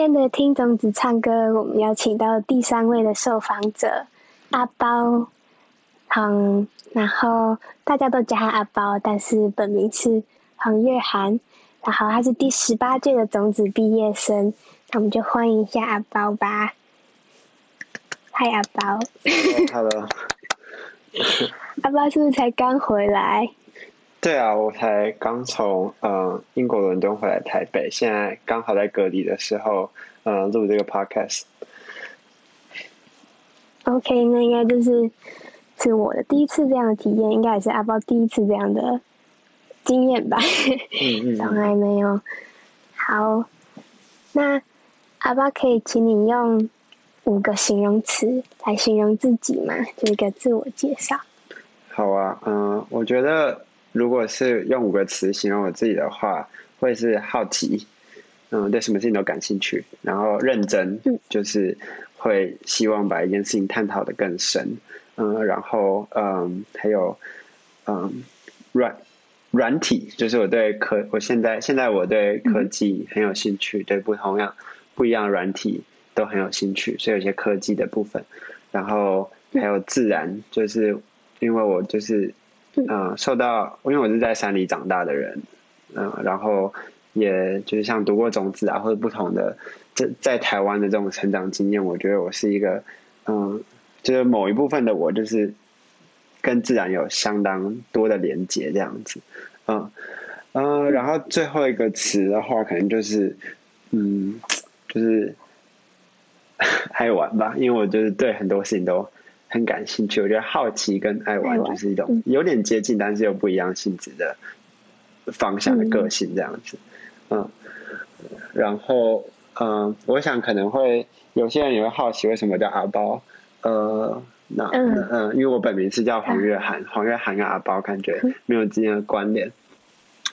今天的聽種子唱歌，我們邀請到第三位的受訪者阿包，嗯，然後大家都叫他阿包，但是本名是黃岳涵，然後他是第十八屆的種子畢業生，那我們就歡迎一下阿包吧。嗨，阿包。Hello. Hello. 阿包是不是才剛回來？對啊，我才剛從、嗯、英國倫敦回來台北，現在剛好在隔離的時候，呃、嗯、錄這個 podcast。OK，那應該就是是我的第一次這樣的體驗，應該也是阿包第一次這樣的經驗吧，從來、嗯嗯、 沒有。好，那阿包可以請你用五個形容詞來形容自己嗎？就是一個自我介紹。好啊，嗯，我覺得。如果是用五個詞形容我自己的話，會是好奇，嗯，對什麼事情都感興趣，然後認真，就是會希望把一件事情探討得更深，嗯，然後嗯，還有嗯軟軟體，就是我對科，我現在現在我對科技很有興趣，對、嗯、不同樣不一樣軟體都很有興趣，所以有些科技的部分，然後還有自然，就是因為我就是。嗯，受到，因為我是在山裡長大的人，嗯，然後也就是像讀過種子啊，或者不同的，在在台灣的這種成長經驗，我覺得我是一個，嗯，就是某一部分的我，就是跟自然有相當多的連接，這樣子，嗯，嗯，然後最後一個詞的話，可能就是，嗯，就是愛玩吧，因為我就是對很多事情都。很感興趣，我覺得好奇跟愛玩、嗯、就是一種有點接近，嗯、但是又不一樣性質的方向的個性這樣子，嗯，嗯，嗯，然後嗯，我想可能會有些人也會好奇為什麼叫阿包，呃，那嗯、呃呃，因為我本名是叫黃岳涵，啊、黃岳涵跟阿包感覺沒有之間的關聯，嗯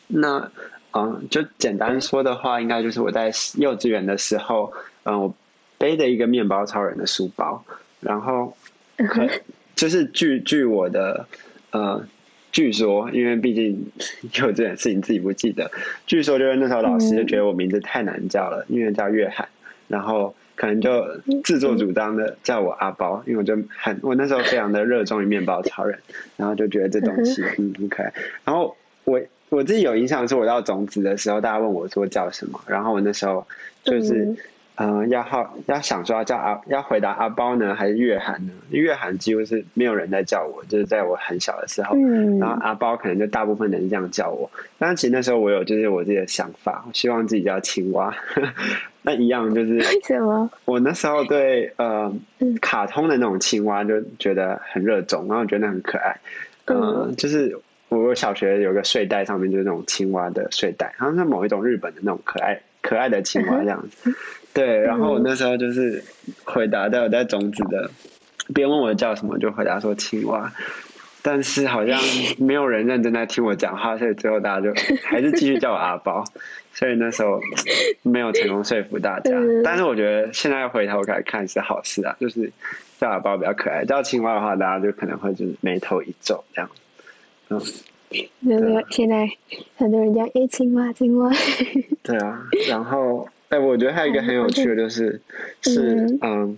那嗯，就簡單說的話，應該就是我在幼稚園的時候，嗯，我背著一個麵包超人的書包，然後。就是據據我的呃，據說，因為畢竟有這件事情自己不記得，據說就是那時候老師就覺得我名字太難叫了，嗯、因為叫岳涵，然後可能就自作主張的叫我阿包，嗯、因為我就很我那時候非常的熱衷於面包超人，嗯、然後就覺得這東西很可愛，嗯、然後我我自己有印象是，我到種籽的時候，大家問我說叫什麼，然後我那時候就是。嗯嗯，要好要想說要叫阿要回答阿包呢，還是岳涵呢？岳涵幾乎是沒有人在叫我，就是在我很小的時候，嗯、然後阿包可能就大部分人這樣叫我。嗯、但是其實那時候我有就是我自己的想法，我希望自己叫青蛙。 那一樣就是為什麼？嗎我那時候對呃，嗯、卡通的那種青蛙就覺得很熱衷，然後覺得很可愛。呃、嗯，就是我我小學有個睡袋，上面就是那種青蛙的睡袋，好像是某一種日本的那種可愛可愛的青蛙這樣子。嗯對，然後我那時候就是回答，到我在種子的、嗯、別問我叫什麼，就回答說青蛙，但是好像沒有人認真在聽我講話，所以最後大家就還是繼續叫我阿包， 所以那時候沒有成功說服大家。嗯、但是我覺得現在回頭看來看是好事啊，就是叫阿包比較可愛，叫青蛙的話，大家就可能會就是眉頭一皺這樣。嗯，對、啊。現在、嗯啊、很多人叫哎青蛙，青蛙。對啊，然後。哎，我覺得還有一個很有趣的就是，是嗯，是，嗯，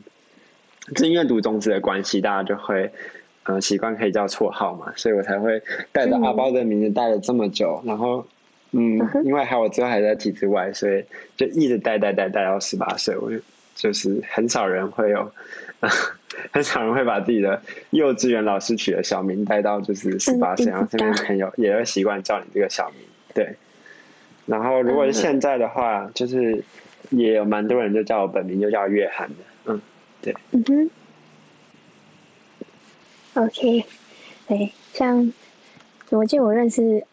是因為讀中職的關係，大家就會嗯，習慣可以叫綽號嘛，所以我才會帶着阿包的名字帶了這麼久。嗯、然後嗯，嗯，因為還有我之後還在體制外，所以就一直帶帶帶帶到十八歲。我就就是很少人會有、嗯，很少人會把自己的幼稚園老師取的小名帶到就是十八歲，然後身邊的朋友也會習慣叫你這個小名，對。然後如果是現在的話，嗯、哼就是也有蠻多人就叫我本名，就叫岳涵的。嗯，對。嗯哼。O K，哎，像我記得我認識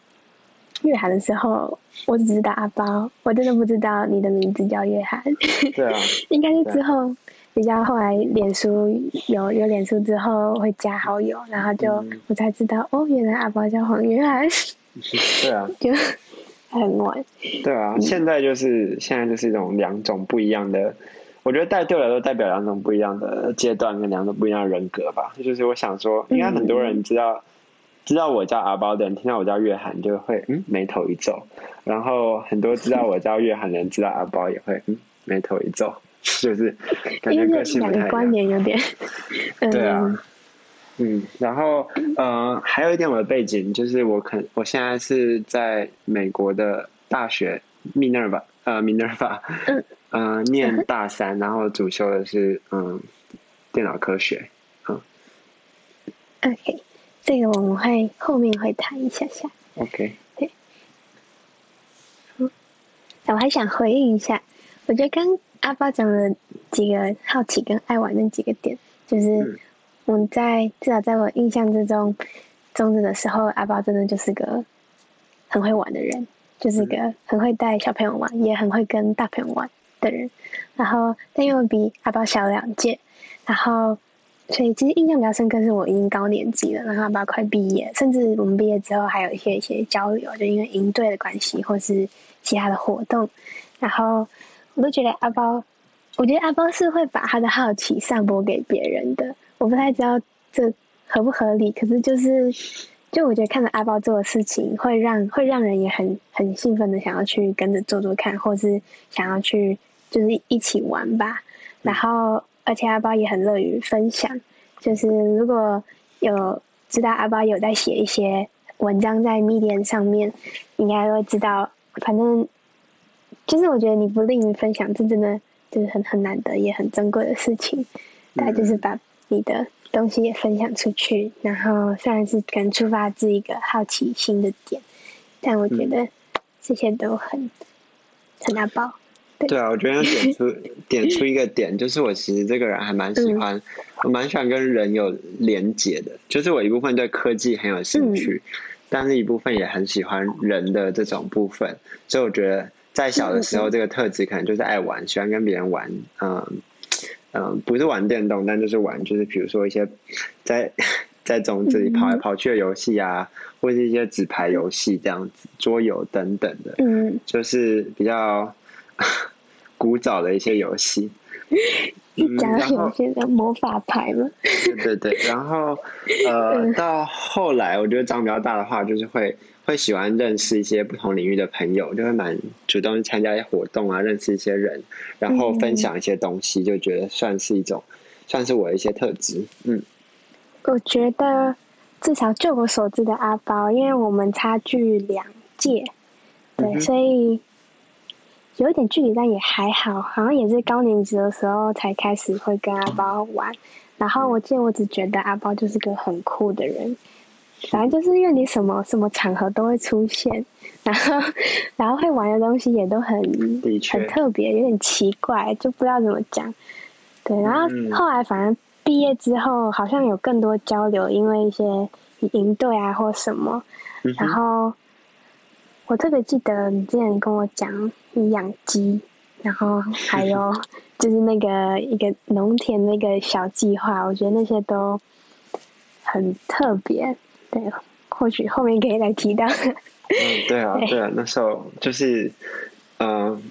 岳涵的時候，我只知道阿包，我真的不知道你的名字叫岳涵。 對啊。 應該是之後、啊、比較後來，臉書有有臉書之後會加好友，然後就我才知道，嗯、哦，原來阿包叫黃岳涵。 對啊。 就。很暖，對啊，嗯、現在就是現在就是一種兩種不一樣的，我覺得帶對我來說代表兩種不一樣的階段跟兩種不一樣的人格吧。就是我想說，應該很多人知道、嗯、知道我叫阿包的人，聽到我叫岳涵就會眉頭一皺；嗯、然後很多知道我叫岳涵的人， 知道阿包也會、嗯、眉頭一皺，就是感覺為兩的觀點有點，對啊。嗯嗯，然後，嗯、呃，還有一點我的背景就是，我肯，我現在是在美國的大學，密涅瓦吧，呃，密涅瓦吧，嗯，呃，念大三，嗯，然後主修的是，嗯，電腦科學，嗯。OK，這個我們會後面會談一下下。OK。對。嗯。我還想回應一下，我覺得剛阿包講了幾個好奇跟愛玩的幾個點，就是。嗯我在至少在我印象之中，種籽的時候，阿包真的就是個很會玩的人，就是個很會帶小朋友玩，嗯、也很會跟大朋友玩的人。然後，但因為我比阿包小兩屆，然後所以其實印象比較深刻是我已經高年級了，然後阿包快畢業，甚至我們畢業之後還有一些一些交流，就因為營隊的關係或是其他的活動，然後我都覺得阿包，我覺得阿包是會把他的好奇散播給別人的。我不太知道這合不合理，可是就是，就我覺得看着阿包做的事情，會讓會讓人也很很興奮的想要去跟着做做看，或是想要去就是一起玩吧。然後而且阿包也很樂於分享，就是如果有知道阿包有在寫一些文章在 Medium 上面，你應該都會知道。反正就是我覺得你不吝於分享，這真的就是很很難得也很珍貴的事情。嗯、大家就是把。你的東西也分享出去，然後雖然是可能觸發自己一個好奇心的點，但我覺得這些都很、嗯、很大包對。對啊，我覺得要點出 點出一個點，就是我其實這個人還蠻喜歡，嗯、我蠻喜歡跟人有連接的。就是我一部分對科技很有興趣，嗯、但是一部分也很喜歡人的這種部分。所以我覺得在小的時候，這個特質可能就是愛玩，嗯、喜歡跟別人玩，嗯。嗯，不是玩電動，但就是玩，就是比如說一些在在種子裡跑來跑去的遊戲啊，嗯、或是一些紙牌遊戲這樣子，桌遊等等的，嗯，就是比較古早的一些遊戲，嗯、 然後現在魔法牌了，對對對，然後呃，到後來我覺得長比較大的話，就是會。會喜歡認識一些不同領域的朋友，就會蠻主動參加一些活動啊，認識一些人，然後分享一些東西，嗯、就覺得算是一種，算是我一些特質。嗯，我覺得至少就我所知的阿包，因為我們差距兩屆，嗯、對，所以有一點距離，但也還好。好像也是高年級的時候才開始會跟阿包玩，嗯、然後我見我只覺得阿包就是個很酷的人。反正就是因為你什麼什麼場合都會出現，然後然後會玩的東西也都很確很特別，有點奇怪，就不知道怎麼講。對，然後後來反正畢業之後、嗯、好像有更多交流，因為一些營隊啊或什麼。嗯、哼然後我特別記得你之前跟我講你養雞，然後還有就是那個是是一個農田那個小計劃，我覺得那些都很特別。對，或許後面可以來提到。嗯，對啊，對，對啊，那時候就是，嗯，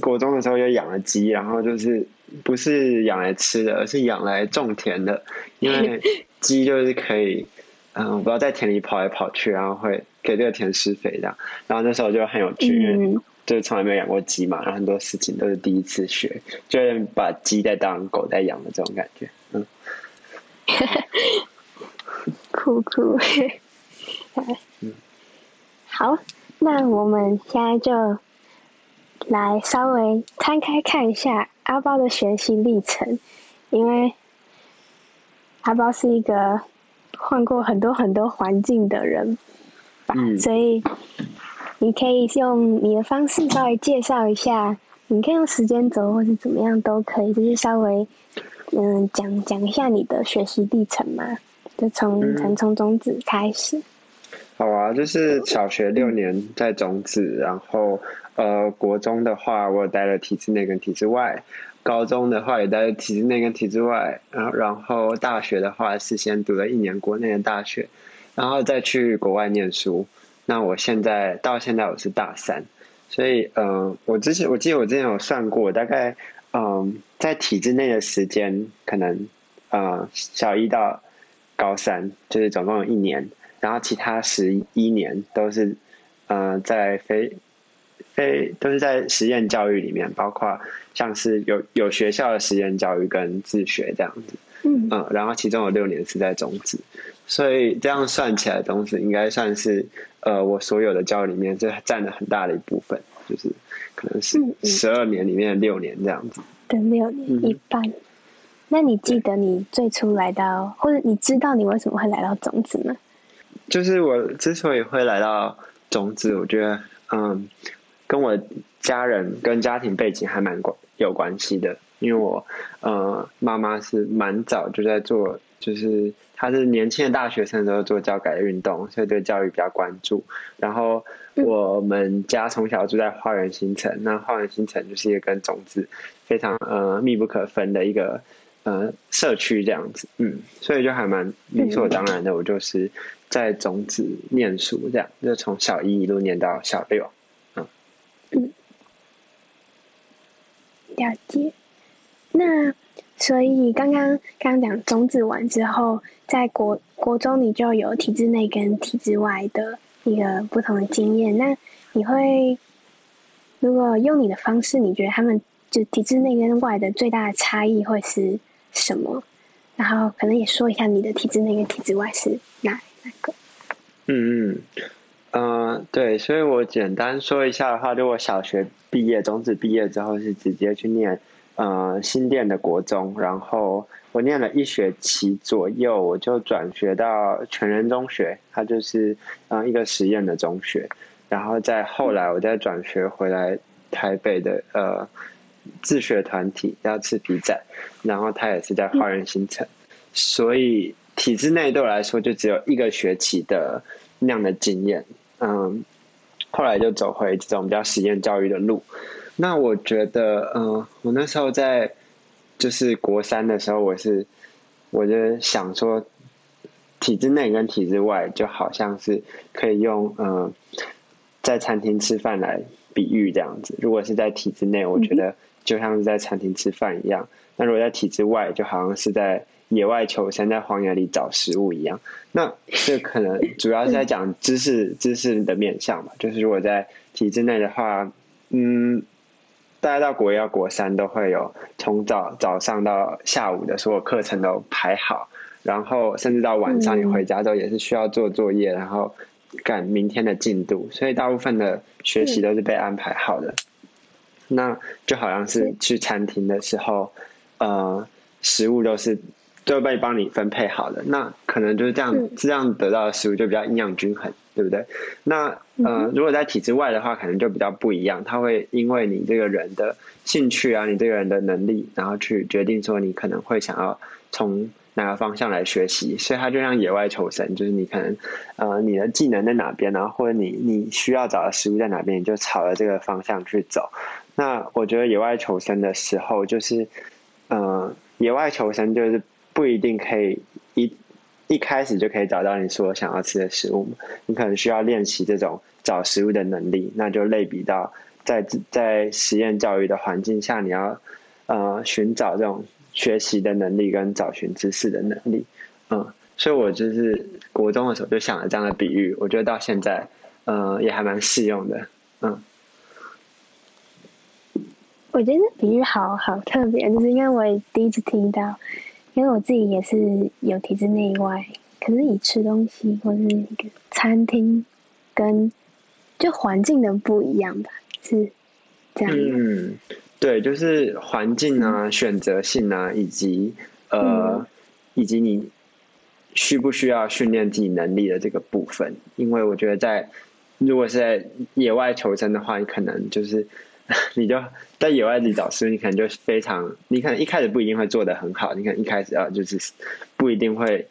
國中的時候就養了雞，然後就是不是養來吃的，而是養來種田的，因為雞就是可以， 嗯，不要在田裡跑來跑去，然後會給這個田施肥這樣，然後那時候就很有趣，嗯，就是從來沒有養過雞嘛，然後很多事情都是第一次學，就是把雞在當狗在養的這種感覺，嗯。 酷酷，哭哭 uh, 嗯，好，那我們現在就來稍微攤開看一下阿包的學習歷程，因為阿包是一個換過很多很多環境的人吧，嗯，所以你可以用你的方式稍微介紹一下，你可以用時間軸或者怎麼樣都可以，就是稍微嗯講講一下你的學習歷程嘛。就從從從種籽開始、嗯，好啊，就是小學六年在種籽、嗯、然後呃，國中的話我待了體制內跟體制外，高中的話也待了體制內跟體制外，然後，然後大學的話是先讀了一年國內的大學，然後再去國外念書。那我現在到現在我是大三，所以嗯、呃，我之前我記得我之前有算過，大概嗯、呃，在體制內的時間可能嗯、呃，小一到高三就是總共有一年，然後其他十一年都是，呃，在非非都是在實驗教育裡面，包括像是有有學校的實驗教育跟自學這樣子，嗯，嗯，然後其中有六年是在種籽，所以這樣算起來，種籽應該算是呃我所有的教育裡面就佔了很大的一部分，就是可能是十二年裡面六年這樣子，對、嗯嗯，六年一半。那你記得你最初來到，對或者你知道你為什麼會來到種籽嗎？就是我之所以會來到種籽，我覺得嗯，跟我家人跟家庭背景還蠻關有關係的。因為我呃媽媽是蠻早就在做，就是她是年輕的大學生，然後做教改運動，所以對教育比較關注。然後我們家從小住在花園新城，嗯、那花園新城就是一個跟種籽非常呃、嗯嗯、密不可分的一個。呃，社區這樣子，嗯，所以就還蠻理所當然的。嗯，我就是在種籽念書，這樣就從小一一路念到小六，嗯，嗯，了解。那所以剛剛剛講種籽完之後，在國國中你就有體制內跟體制外的一個不同的經驗。那你會如果用你的方式，你覺得他們就體制內跟外的最大的差異會是？什麼？然後可能也說一下你的體質內體制內跟、那個、體質外體制外是哪哪、那個？嗯嗯，嗯、呃，對，所以我簡單說一下的話，就我小學畢業、種籽畢業之後是直接去念呃新店的國中，然後我念了一學期左右，我就轉學到全人中學，它就是嗯、呃，一個實驗的中學，然後再後來我再轉學回來台北的呃。自學團體叫赤皮仔，然後他也是在花園新城，嗯、所以體制內對我來說就只有一個學期的那樣的經驗。嗯，後來就走回這種比較實驗教育的路。那我覺得，嗯，我那時候在就是國三的時候，我是我就想說，體制內跟體制外就好像是可以用嗯，在餐廳吃飯來比喻這樣子。如果是在體制內，我覺得、嗯。就像是在餐廳吃飯一樣，那如果在體制外，就好像是在野外求生，在荒野裡找食物一樣。那這可能主要是在講知識、 嗯、知識的面向嘛？就是如果在體制內的話，嗯，大家到國一、國三都會有從早早上到下午的所有課程都排好，然後甚至到晚上你回家之後也是需要做作業，嗯、然後趕明天的進度，所以大部分的學習都是被安排好的。嗯嗯那就好像是去餐廳的時候，對呃，食物都是都被幫你分配好的。那可能就是這樣，對這樣得到的食物就比較營養均衡，對不對？那呃，嗯、哼如果在體制外的話，可能就比較不一樣。他會因為你這個人的興趣啊，你這個人的能力，然後去決定說你可能會想要從哪個方向來學習。所以它就像野外求生，就是你可能呃你的技能在哪邊，然後或者你你需要找的食物在哪邊，你就朝着這個方向去走。那我覺得野外求生的時候，就是，嗯、呃，野外求生就是不一定可以一一開始就可以找到你所想要吃的食物嘛，你可能需要練習這種找食物的能力，那就類比到在在實驗教育的環境下，你要呃尋找這種學習的能力跟找尋知識的能力，嗯，所以我就是國中的時候就想了這樣的比喻，我覺得到現在，嗯、呃，也還蠻適用的，嗯。我覺得這比喻好好特別，就是因為我也第一次聽到，因為我自己也是有體制內外，可是你吃東西或是餐廳跟就環境的不一樣吧，是這樣的。嗯，對，就是環境啊、嗯、選擇性啊，以及呃，嗯啊、以及你需不需要訓練自己能力的這個部分。因為我覺得在，在如果是在野外求生的話，你可能就是。 你就在野外裡找書，你可能就非常，你看一開始不一定會做的很好，你看一開始啊就是不一定會。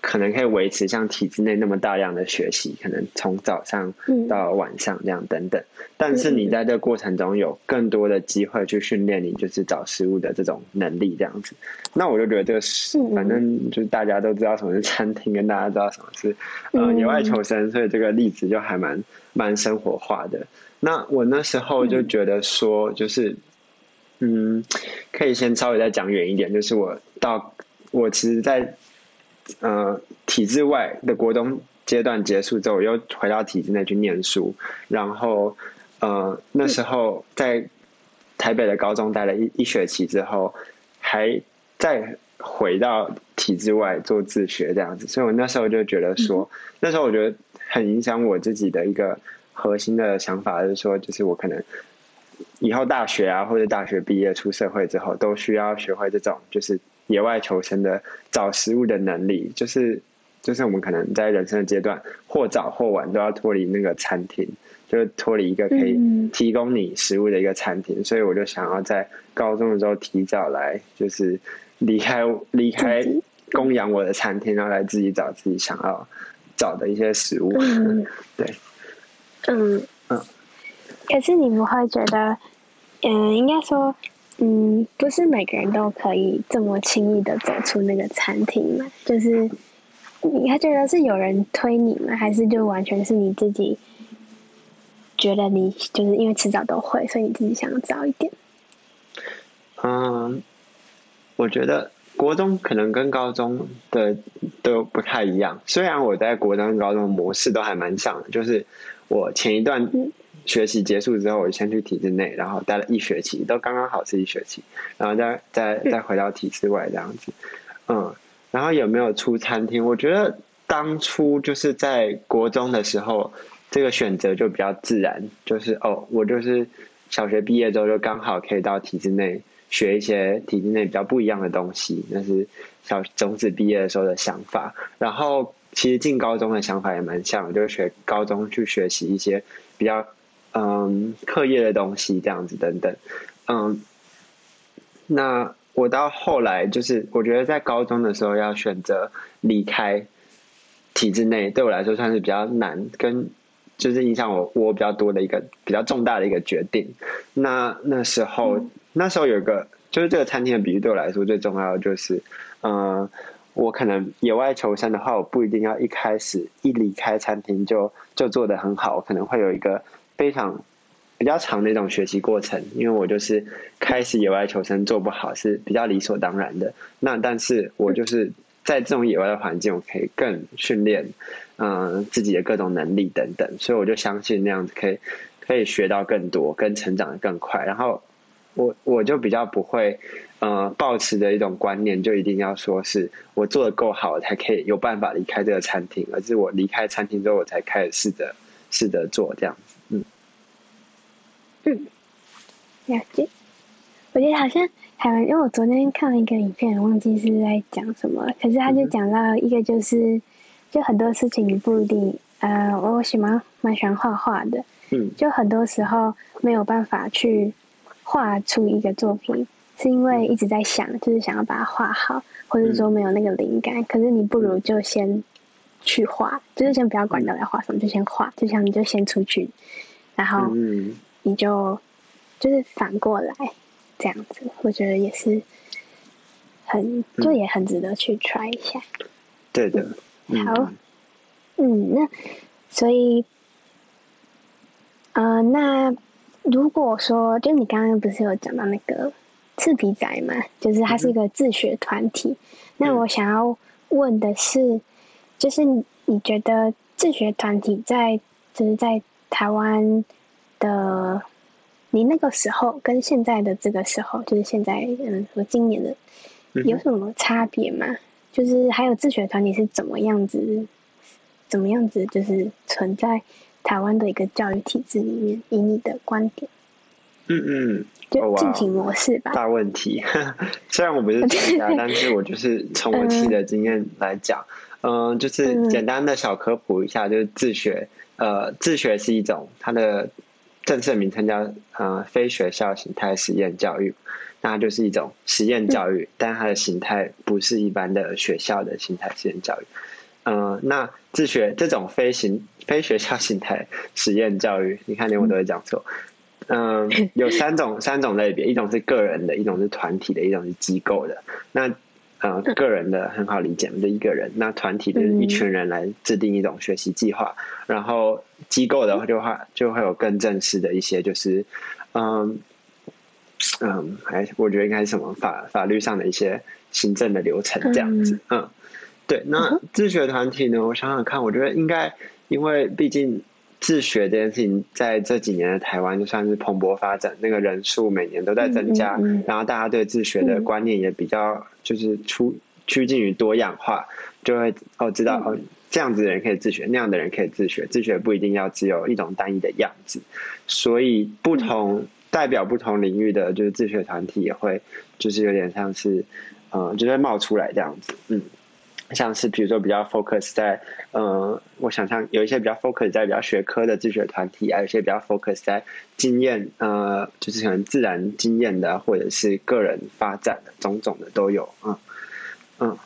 可能可以維持像體制內那麼大量的學習，可能從早上到晚上這樣等等。嗯、但是你在這個過程中有更多的機會去訓練你就是找食物的這種能力，這樣子。那我就覺得這個是，反正就是大家都知道什麼是餐廳，嗯、跟大家知道什麼是、嗯呃、野外求生，所以這個例子就還蠻蠻生活化的。那我那時候就覺得說，就是嗯，嗯，可以先稍微再講遠一點，就是我到我其實，在。呃，體制外的國中階段結束之後，我又回到體制內去念書。然後，呃，那時候在台北的高中待了一一學期之後，還再回到體制外做自學這樣子。所以，我那時候就覺得說，嗯、哼那時候我覺得很影響我自己的一個核心的想法，就是說，就是我可能以後大學啊，或者大學畢業出社會之後，都需要學會這種，就是。野外求生的找食物的能力，就是就是我們可能在人生的階段，或早或晚都要脫離那個餐廳，就是脫離一個可以提供你食物的一個餐廳。嗯、所以我就想要在高中的時候提早來，就是離開離開供養我的餐廳，然後來自己找自己想要找的一些食物。嗯、對，嗯嗯。可是你們會覺得，嗯，應該說。嗯，不是每個人都可以這麼輕易的走出那個餐廳嘛？就是，你還覺得是有人推你嗎？還是就完全是你自己，覺得你就是因為遲早都會，所以你自己想早一點。嗯，我覺得國中可能跟高中的都不太一樣，雖然我在國中、高中模式都還蠻像的，就是我前一段、嗯。學習結束之後，我先去體制內，然後待了一學期，都剛剛好是一學期，然後再再再回到體制外這樣子，嗯，然後有沒有出餐廳？我覺得當初就是在國中的時候，這個選擇就比較自然，就是哦，我就是小學畢業之後就剛好可以到體制內學一些體制內比較不一樣的東西，那是小，種籽畢業的時候的想法。然後其實進高中的想法也蠻像，就是學高中去學習一些比較。嗯，課業的東西這樣子等等，嗯，那我到後來就是，我覺得在高中的時候要選擇離開體制內，對我來說算是比較難，跟就是影響我我比較多的一個比較重大的一個決定。那那時候，嗯、那時候有一個就是這個餐廳的比喻，對我來說最重要的就是，嗯，我可能野外求生的話，我不一定要一開始一離開餐廳就就做得很好，我可能會有一個。非常，比較長的一種學習過程，因為我就是開始野外求生做不好是比較理所當然的。那但是我就是在這種野外的環境，我可以更訓練嗯自己的各種能力等等，所以我就相信那樣子可以可以學到更多，跟成長的更快。然後我我就比較不會嗯、呃、抱持的一種觀念，就一定要說是我做得夠好我才可以有辦法離開這個餐廳，而是我離開餐廳之後，我才開始試着試着做這樣嗯，嗯，了解。我覺得好像還有，因為我昨天看了一個影片，忘記是在講什麼。可是他就講到一個，就是嗯嗯就很多事情你不一定。呃，我喜歡蠻喜歡畫畫的。嗯。就很多時候沒有辦法去畫出一個作品，是因為一直在想，就是想要把它畫好，或者說沒有那個靈感。可是你不如就先。去畫，就是先不要管你要畫什麼，嗯、就先畫。就像你就先出去，然後你就就是反過來這樣子，嗯、我覺得也是很，就也很值得去 try 一下。對的。嗯、好，嗯，那所以，呃，那如果說，就你剛剛不是有講到那個赤皮仔嘛，就是它是一個自學團體。嗯、那我想要問的是，就是你覺得自學團體在就是在台灣的你那個時候跟現在的這個時候，就是現在嗯，和今年的、嗯、哼有什麼差別嗎？就是還有自學團體是怎麼樣子，怎麼樣子就是存在台灣的一個教育體制裡面？以你的觀點，嗯嗯，就進行模式吧、哦。大問題， 雖然我不是專家， 但是我就是從我自己的經驗來講。 嗯嗯、呃，就是簡單的小科普一下，嗯、就是自學。呃，自學是一種，它的正式的名稱叫呃非學校形態實驗教育，那它就是一種實驗教育，嗯、但它的形態不是一般的學校的形態實驗教育。嗯、呃，那自學這種非形非學校形態實驗教育，你看連我都會講錯。嗯、呃，有三種 三種類別，一種是個人的，一種是團體的，一種是機構的。那嗯、呃，個人的很好理解，嗯、就一個人。那團體就是一群人來制定一種學習計劃，嗯、然後機構的話就會就會有更正式的一些，就是嗯嗯，還、嗯哎、我覺得應該是什麼法法律上的一些行政的流程這樣子。嗯、嗯，對。嗯、那自學團體呢？我想想看，我覺得應該因為畢竟。自學這件事情，在這幾年的台灣，就算是蓬勃發展，那個人數每年都在增加。嗯嗯嗯嗯嗯，然後大家對自學的觀念也比較，就是趨趨近於多樣化，就會哦，知道哦，這樣子的人可以自學，那樣的人可以自學，自學不一定要只有一種單一的樣子。所以不同代表不同領域的，就是自學團體也會，就是有點像是，嗯、呃，就會冒出來這樣子，嗯。像是比如說比較 focus 在，呃，我想象有一些比較 focus 在比較學科的自學團體啊，有些比較 focus 在經驗，呃，就是可能自然經驗的，或者是個人發展的，種種的都有，嗯，嗯，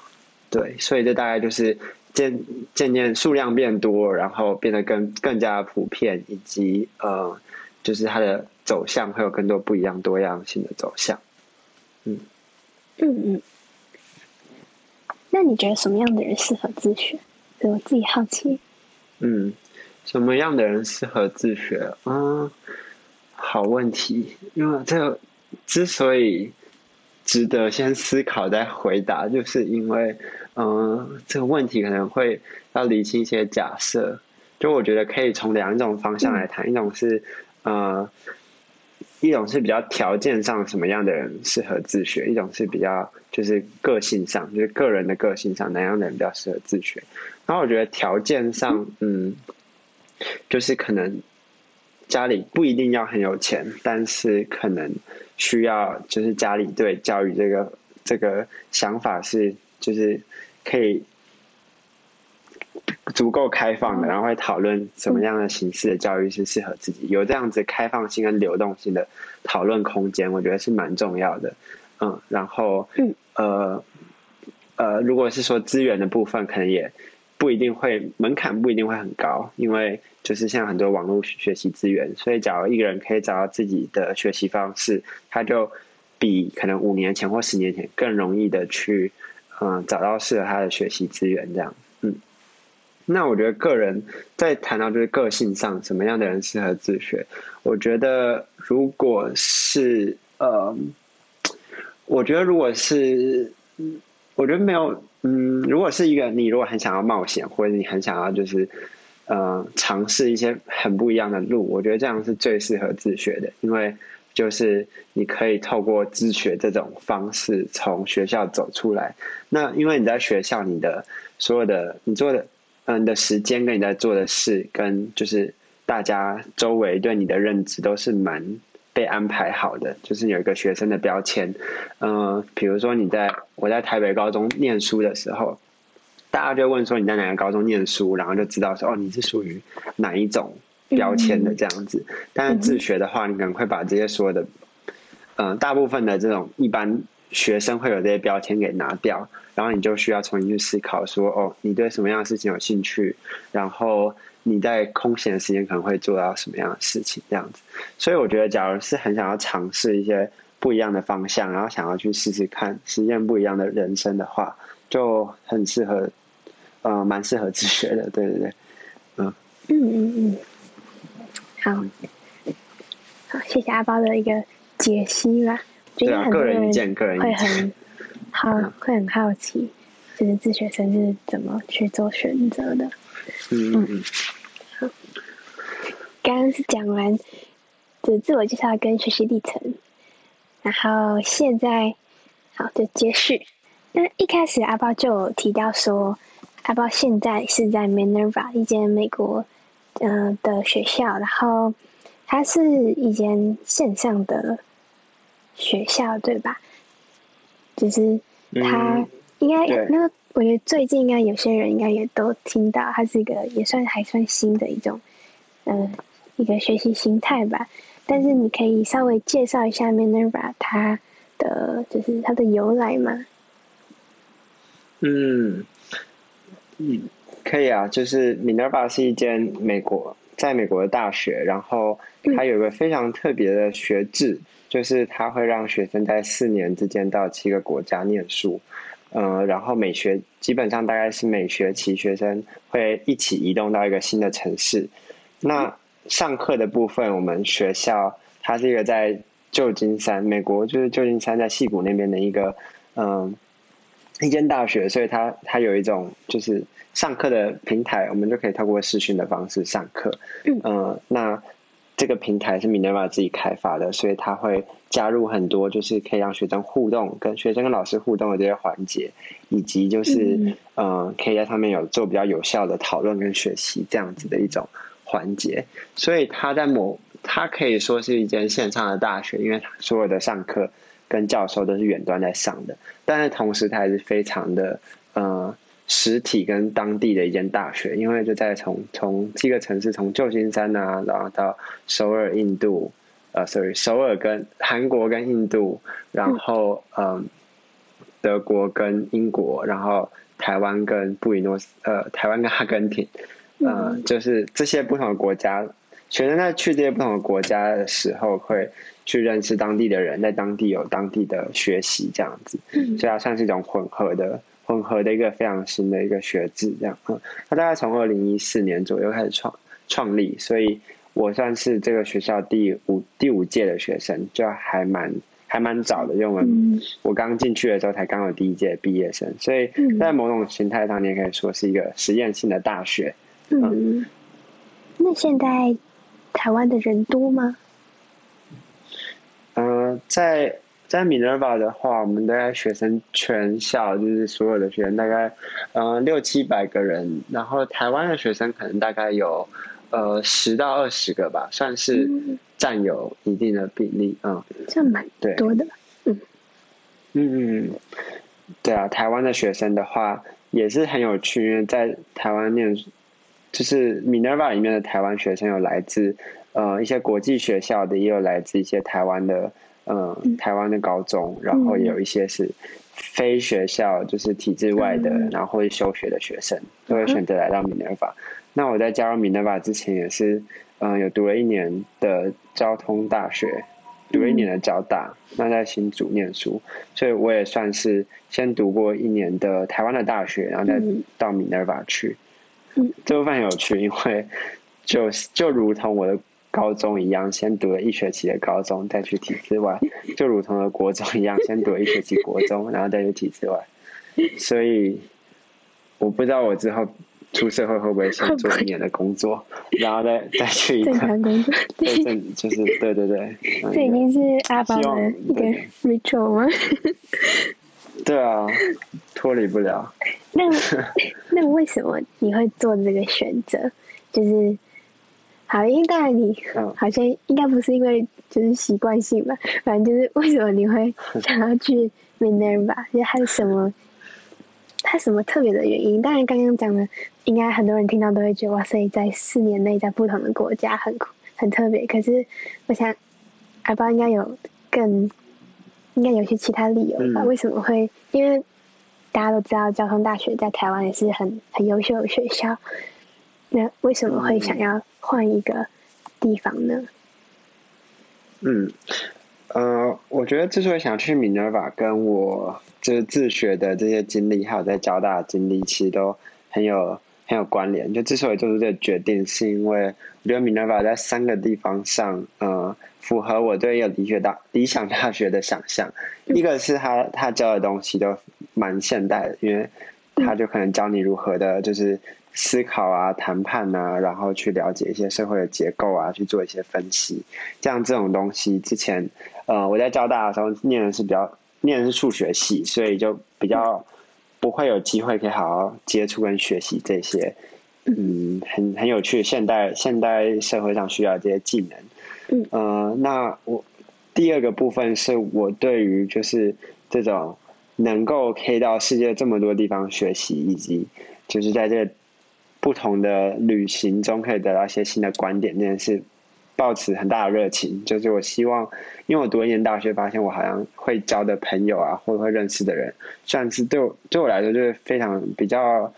對，所以這大概就是漸漸漸數量變多，然後變得更更加普遍，以及呃，就是它的走向會有更多不一樣多樣性的走向，嗯，嗯嗯。那你覺得什麼樣的人適合自學？對，我自己好奇。嗯，什麼樣的人適合自學啊、嗯？好問題，因為這之所以值得先思考再回答，就是因為嗯，這個問題可能會要釐清一些假設。就我覺得可以從兩種方向來談，嗯、一種是呃。嗯一種是比較條件上什麼樣的人適合自學，一種是比較就是個性上，就是個人的個性上哪樣的人比較適合自學。然後我覺得條件上，嗯，就是可能家裡不一定要很有錢，但是可能需要就是家裡對教育這個這個想法是就是可以。足夠開放的，然後會討論什麼樣的形式的教育是適合自己。有這樣子開放性跟流動性的討論空間，我覺得是蠻重要的。嗯，然後、嗯、呃呃，如果是說資源的部分，可能也不一定會門檻不一定會很高，因為就是像很多網絡學習資源，所以假如一個人可以找到自己的學習方式，他就比可能五年前或十年前更容易的去嗯找到適合他的學習資源這樣。那我覺得個人在談到就是個性上什麼樣的人適合自學，我覺得如果是呃，我覺得如果是，我覺得沒有嗯，如果是一個你如果很想要冒險或者你很想要就是呃嘗試一些很不一樣的路，我覺得這樣是最適合自學的，因為就是你可以透過自學這種方式從學校走出來。那因為你在學校你的所有的你做的。嗯，呃、你的時間跟你在做的事，跟就是大家周圍對你的認知都是蠻被安排好的，就是有一個學生的標籤。嗯，比如說你在我在台北高中念書的時候，大家就問說，你在哪個高中念書，然後就知道說，哦你是屬於哪一種標籤的這樣子。但是自學的話，你可能會把這些所有的，嗯，大部分的這種一般，學生會有這些標籤給拿掉，然後你就需要重新去思考說，哦，你對什麼樣的事情有興趣，然後你在空閒的時間可能會做到什麼樣的事情，這樣子。所以我覺得，假如是很想要嘗試一些不一樣的方向，然後想要去試試看實現不一樣的人生的話，就很適合，呃，蠻適合自學的，對對對，嗯嗯嗯，好，好，謝謝阿包的一個解析啦。對啊，個人意見，個人意見。會很好，會很好奇，就是自學生是怎麼去做選擇的。嗯嗯。好，剛剛是講完就自我介紹跟學習歷程，然後現在好的結束。那一開始阿包就有提到說，阿包現在是在 Minerva 一間美國嗯的學校，然後它是一間線上的。學校對吧？就是他應該、嗯、那個，我覺得最近應、啊、該有些人應該也都聽到，他是一個也算還算新的一種，嗯、呃，一個學習心態吧。但是你可以稍微介紹一下 Minerva 他的就是他的由來嗎？嗯，嗯，可以啊。就是 Minerva 是一間美國在美國的大學，然後它有一個非常特別的學制。嗯嗯就是他會讓學生在四年之間到七個國家念書，嗯、呃，然後每學基本上大概是每學期學生會一起移動到一個新的城市。那上課的部分，我們學校它是一個在舊金山，美國就是舊金山在矽谷那邊的一個嗯、呃、一間大學，所以它它有一種就是上課的平台，我們就可以透過視訊的方式上課，嗯、呃，那。這個平台是米 i n r a 自己開發的，所以他會加入很多，就是可以讓學生互動、跟學生跟老師互動的這些環節，以及就是嗯、呃，可以在上面有做比較有效的討論跟學習這樣子的一種環節。所以他在某，他可以說是一間線上的大學，因為所有的上課跟教授都是遠端在上的，但是同時它還是非常的嗯。呃實體跟當地的一間大學，因為就在從從七個城市從舊金山啊，然後到首爾、印度，呃，sorry，首爾跟韓國跟印度，然後嗯，嗯德國跟英國，然後台灣跟布宜諾斯，呃，台灣跟阿根廷，呃、嗯，就是這些不同的國家，學生在去這些不同的國家的時候，會去認識當地的人，在當地有當地的學習這樣子，所以它算是一種混合的。嗯混合的一個非常新的一個學制，這樣，啊、嗯，它大概從二零一四年左右開始創創立，所以我算是這個學校第五第五屆的學生，就還蠻還蠻早的，因為我們、嗯、我剛進去的時候才剛好第一屆畢業生，所以在某種形態上你也可以說是一個實驗性的大學，嗯，嗯，那現在台灣的人多嗎？嗯、呃，在。在 Minerva 的話，我們大概學生全校就是所有的學生大概嗯、呃、六七百個人，然後台灣的學生可能大概有呃十到二十個吧，算是占有一定的比例，嗯，嗯嗯這樣蠻多的，對嗯嗯嗯，對啊，台灣的學生的話也是很有趣，因為在台灣念就是 Minerva 裡面的台灣學生有來自呃一些國際學校的，也有來自一些台灣的。嗯，台灣的高中，嗯、然後有一些是非學校，就是體制外的，嗯、然後會休學的學生，嗯、都會選擇來到 Minerva。嗯、那我在加入 Minerva 之前，也是嗯，有讀了一年的交通大學，讀了一年的交大，嗯、那在新竹念書，所以我也算是先讀過一年的台灣的大學，嗯、然後再到 Minerva 去。嗯、這部分很有趣，因為就就如同我的。高中一樣，先讀了一學期的高中，再去體制外，就如同了國中一樣， 先讀了一學期國中，然後再去體制外。所以我不知道我之後出社會會不會想做一年的工作， 然後再再去一個正常工作，對，對就是對對對，這 已經是阿包的一個 ritual 嗎？ 對啊，脫離不了。 那那為什麼你會做這個選擇？就是。好，因為當然你好像應該不是因為就是習慣性吧，嗯、反正就是為什麼你會想要去 Minerva 吧？就是他什麼，他什麼特別的原因？當然剛剛講的應該很多人聽到都會覺得哇塞，在四年內在不同的國家很很特別。可是我想，不知道應該有更，應該有些其他理由吧？嗯、為什麼會？因為大家都知道交通大學在台灣也是很很優秀的學校。那為什麼會想要換一個地方呢？嗯，呃，我覺得之所以想要去 Minerva，跟我就是自學的這些經歷，還有在交大的經歷，其實都很有很有關聯。就之所以做出這個決定，是因為我覺得 Minerva 在三個地方上，呃，符合我對有理學大理想大學的想象。嗯、一個是他他教的東西都蠻現代的，因為他就可能教你如何的，就是。思考啊，談判啊，然後去了解一些社會的結構啊，去做一些分析。像這種東西，之前呃我在交大的時候念的是比較念的是數學系，所以就比較不會有機會可以好好接觸跟學習這些嗯很很有趣現代現代社會上需要這些技能。嗯，呃，那我第二個部分是我對於就是這種能夠可以到世界這麼多地方學習，以及就是在這個。不同的旅行中可以得到一些新的觀點，這件事抱持很大的熱情。就是我希望，因為我讀一年大學，發現我好像會交的朋友啊，或者會認識的人，雖然是對我對我來說就是非常比較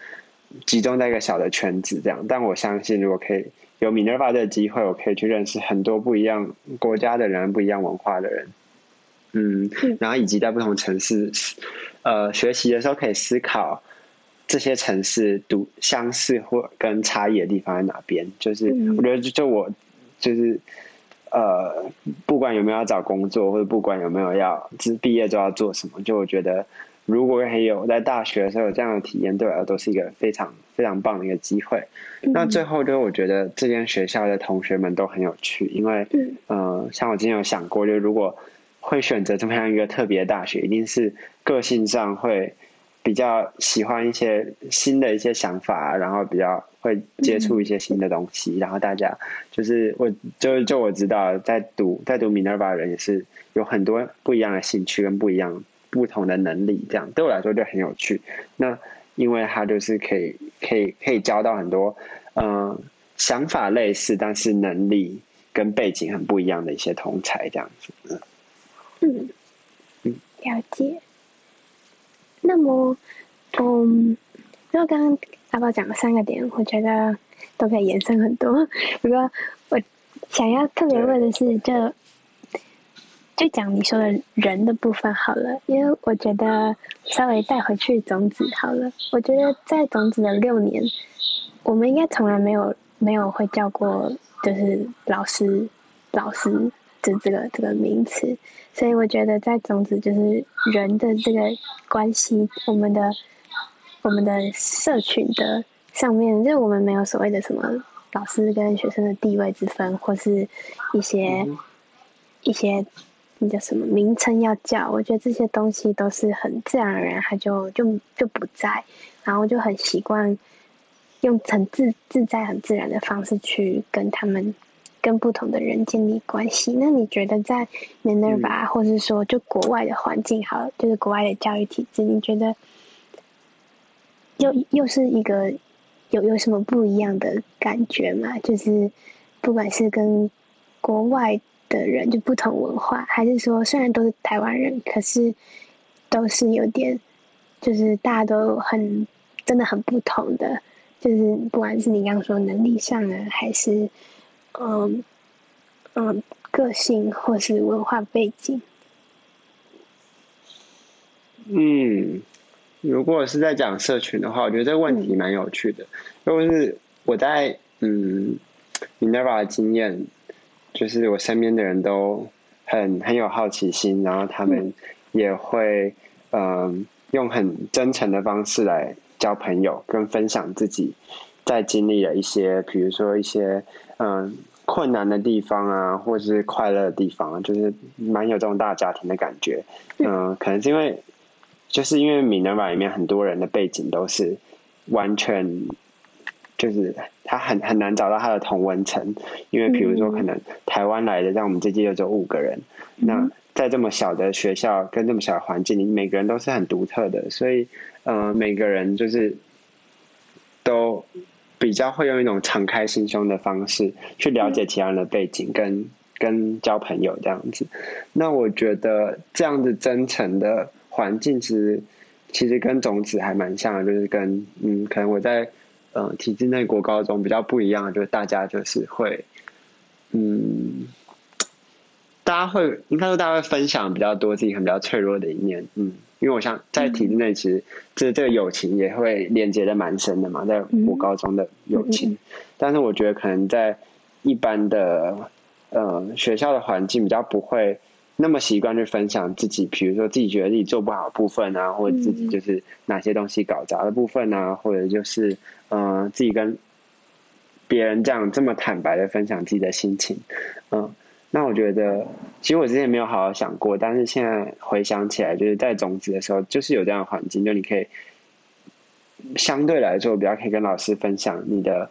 集中在一個小的圈子這樣。但我相信，如果可以有 Minerva 這個機會，我可以去認識很多不一樣國家的人、不一樣文化的人。嗯，嗯、然後以及在不同城市，呃，學習的時候可以思考。這些城市獨相似或跟差異的地方在哪邊？就是我覺得，就我就是呃，不管有沒有要找工作，或者不管有沒有要，就是畢業就要做什麼。就我覺得，如果還有在大學的時候有這樣的體驗，對我來說都是一個非常非常棒的一個機會。那最後，就我覺得這間學校的同學們都很有趣，因為嗯、呃，像我之前有想過，就如果會選擇這麼樣一個特別的大學，一定是個性上會。比較喜歡一些新的一些想法，然後比較會接觸一些新的東西，嗯嗯然後大家就是我，就就我知道在讀在讀 Minerva 的人也是有很多不一樣的興趣跟不一樣不同的能力，這樣對我來說就很有趣。那因為他就是可以可以可以交到很多嗯、呃、想法類似，但是能力跟背景很不一樣的一些同才這樣子。嗯嗯，嗯，了解。那麼，嗯，因為剛剛阿包講了三個點，我覺得都可以延伸很多。不過我想要特別問的是，就就講你說的人的部分好了，因為我覺得稍微帶回去種籽好了。我覺得在種籽的六年，我們應該從來沒有沒有會叫過，就是老師老師。是這個這個名詞，所以我覺得在種籽就是人的這個關係，我們的我們的社群的上面，就是我們沒有所謂的什麼老師跟學生的地位之分，或是一些、嗯、一些那叫什麼名稱要叫，我覺得這些東西都是很自然而然，人他就就就不在，然後就很習慣用很自自在很自然的方式去跟他們。跟不同的人建立關係，那你覺得在 m a n e r 吧，或者是說就國外的環境，好了，就是國外的教育體制，你覺得又又是一個有有什麼不一樣的感覺嗎？就是不管是跟國外的人，就不同文化，還是說雖然都是台灣人，可是都是有點，就是大家都很真的很不同的，就是不管是你剛說能力上呢，還是。嗯嗯，um, um, 個性或是文化背景。嗯，如果是在講社群的話，我覺得這個問題蠻有趣的。嗯、如果是我在嗯你那 r 的經驗，就是我身邊的人都很很有好奇心，然後他們也會嗯、呃、用很真誠的方式來交朋友跟分享自己。在經歷了一些，比如說一些，嗯、呃，困難的地方啊，或者是快樂的地方、啊，就是蠻有這種大家庭的感覺。嗯是、呃，可能是因為，就是因為密涅瓦裡面很多人的背景都是完全，就是他很很難找到他的同溫層，因為比如說可能台灣來的，嗯、像我們這屆就只有五個人，嗯、那在這麼小的學校跟這麼小的環境裡，每個人都是很獨特的，所以，嗯、呃，每個人就是都。比較會用一種敞開心胸的方式去了解其他人的背景，嗯、跟跟交朋友這樣子。那我覺得這樣子真誠的真誠的環境，其實其實跟種子還蠻像的，就是跟嗯，可能我在、呃、體制內國高中比較不一樣的，就是大家就是會嗯，大家會應該說大家會分享比較多自己很比較脆弱的一面，嗯。因為我想在體制內，其實這這個友情也會連接的蠻深的嘛，在我高中的友情。但是我覺得可能在一般的呃學校的環境比較不會那麼習慣去分享自己，比如說自己覺得自己做不好的部分啊，或者自己就是哪些東西搞砸的部分啊，或者就是嗯、呃、自己跟別人這樣這麼坦白的分享自己的心情，嗯。那我覺得，其實我之前沒有好好想過，但是現在回想起來，就是在種籽的時候，就是有這樣的環境，就你可以相對來說比較可以跟老師分享你的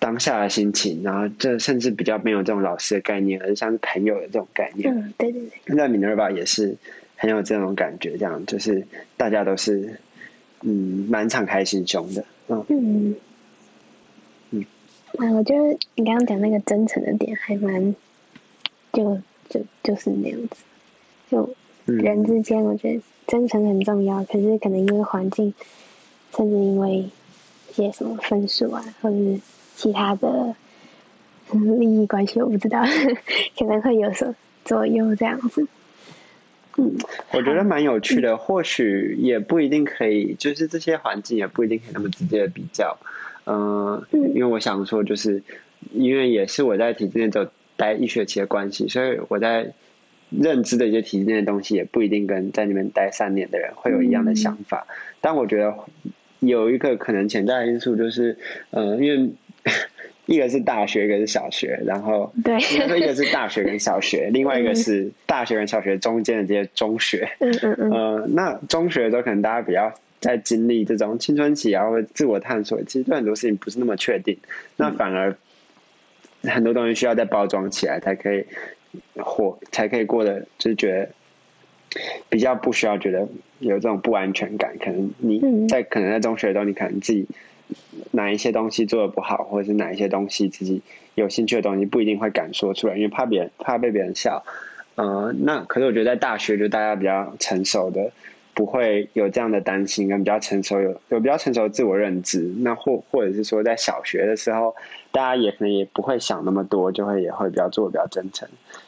當下的心情，嗯、然後這甚至比較沒有這種老師的概念，而是像是朋友的這種概念。嗯，對對對。那密涅瓦也是很有這種感覺，這樣就是大家都是嗯蠻敞開心胸的。嗯嗯嗯。啊，我覺得你剛剛講那個真誠的點還蠻。就就就是那樣子，就人之間，我覺得真誠很重要。嗯、可是可能因為環境，甚至因為一些什麼分數啊，或者是其他的利益關係，我不知道，可能會有所左右這樣子。嗯，我覺得蠻有趣的。嗯、或許也不一定可以，嗯、就是這些環境也不一定可以那麼直接的比較。呃、嗯，因為我想說，就是因為也是我在體制內走待一學期的關係，所以我在認知的一些體制內的東西，也不一定跟在那邊待三年的人會有一樣的想法。嗯嗯，但我覺得有一個可能潛在的因素就是，嗯、呃，因為一個是大學，一個是小學，然後對，一個是大學跟小學， 另外一個是大學跟小學中間的這些中學，嗯嗯嗯，呃，那中學的時候可能大家比較在經歷這種青春期，啊，然後自我探索，其實對很多事情不是那麼確定，嗯、那反而。很多東西需要再包裝起來，才可以活，才可以過得就是覺得比較不需要覺得有這種不安全感。可能你在、嗯、可能在中學的時候，你可能自己哪一些東西做得不好，或者是哪一些東西自己有興趣的東西，不一定會敢說出來，因為怕別人，怕被別人笑。嗯、呃，那可是我覺得在大學就大家比較成熟的。不會有這樣的擔心，跟比較成熟有有比較成熟的自我認知。那或或者是說在小學的時候，大家也可能也不會想那麼多，就會也會比較做的比較真誠，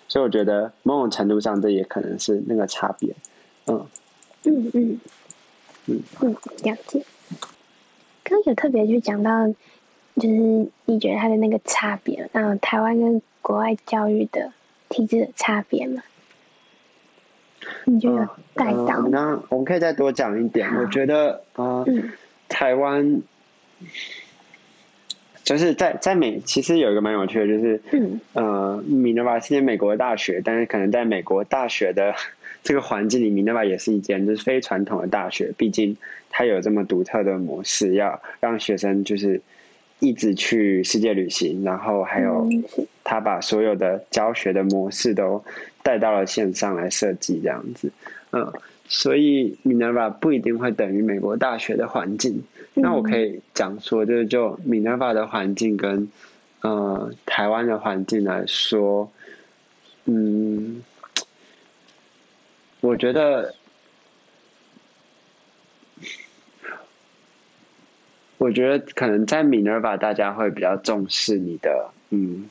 所以我覺得某種程度上這也可能是那個差別，嗯嗯嗯嗯，嗯、嗯、了解。剛有特別去講到，就是你覺得它的那個差別，那台灣跟國外教育的體制的差別嗎？你覺得帶檔？呢、呃，呃、我們可以再多講一點。好我覺得啊，呃嗯、台灣就是在在美，其實有一個蠻有趣的，就是嗯呃，密涅瓦，是間美國的大學，但是可能在美國大學的這個環境裡，密涅瓦也是一間就是非傳統的大學，畢竟它有這麼獨特的模式，要讓學生就是一直去世界旅行，然後還有他把所有的教學的模式都、嗯。帶到了線上來設計這樣子，嗯，所以 Minerva 不一定會等於美國大學的環境。嗯、那我可以講說，就是就 Minerva 的環境跟、呃、台灣的環境來說，嗯，我覺得，我覺得可能在 Minerva 大家會比較重視你的，嗯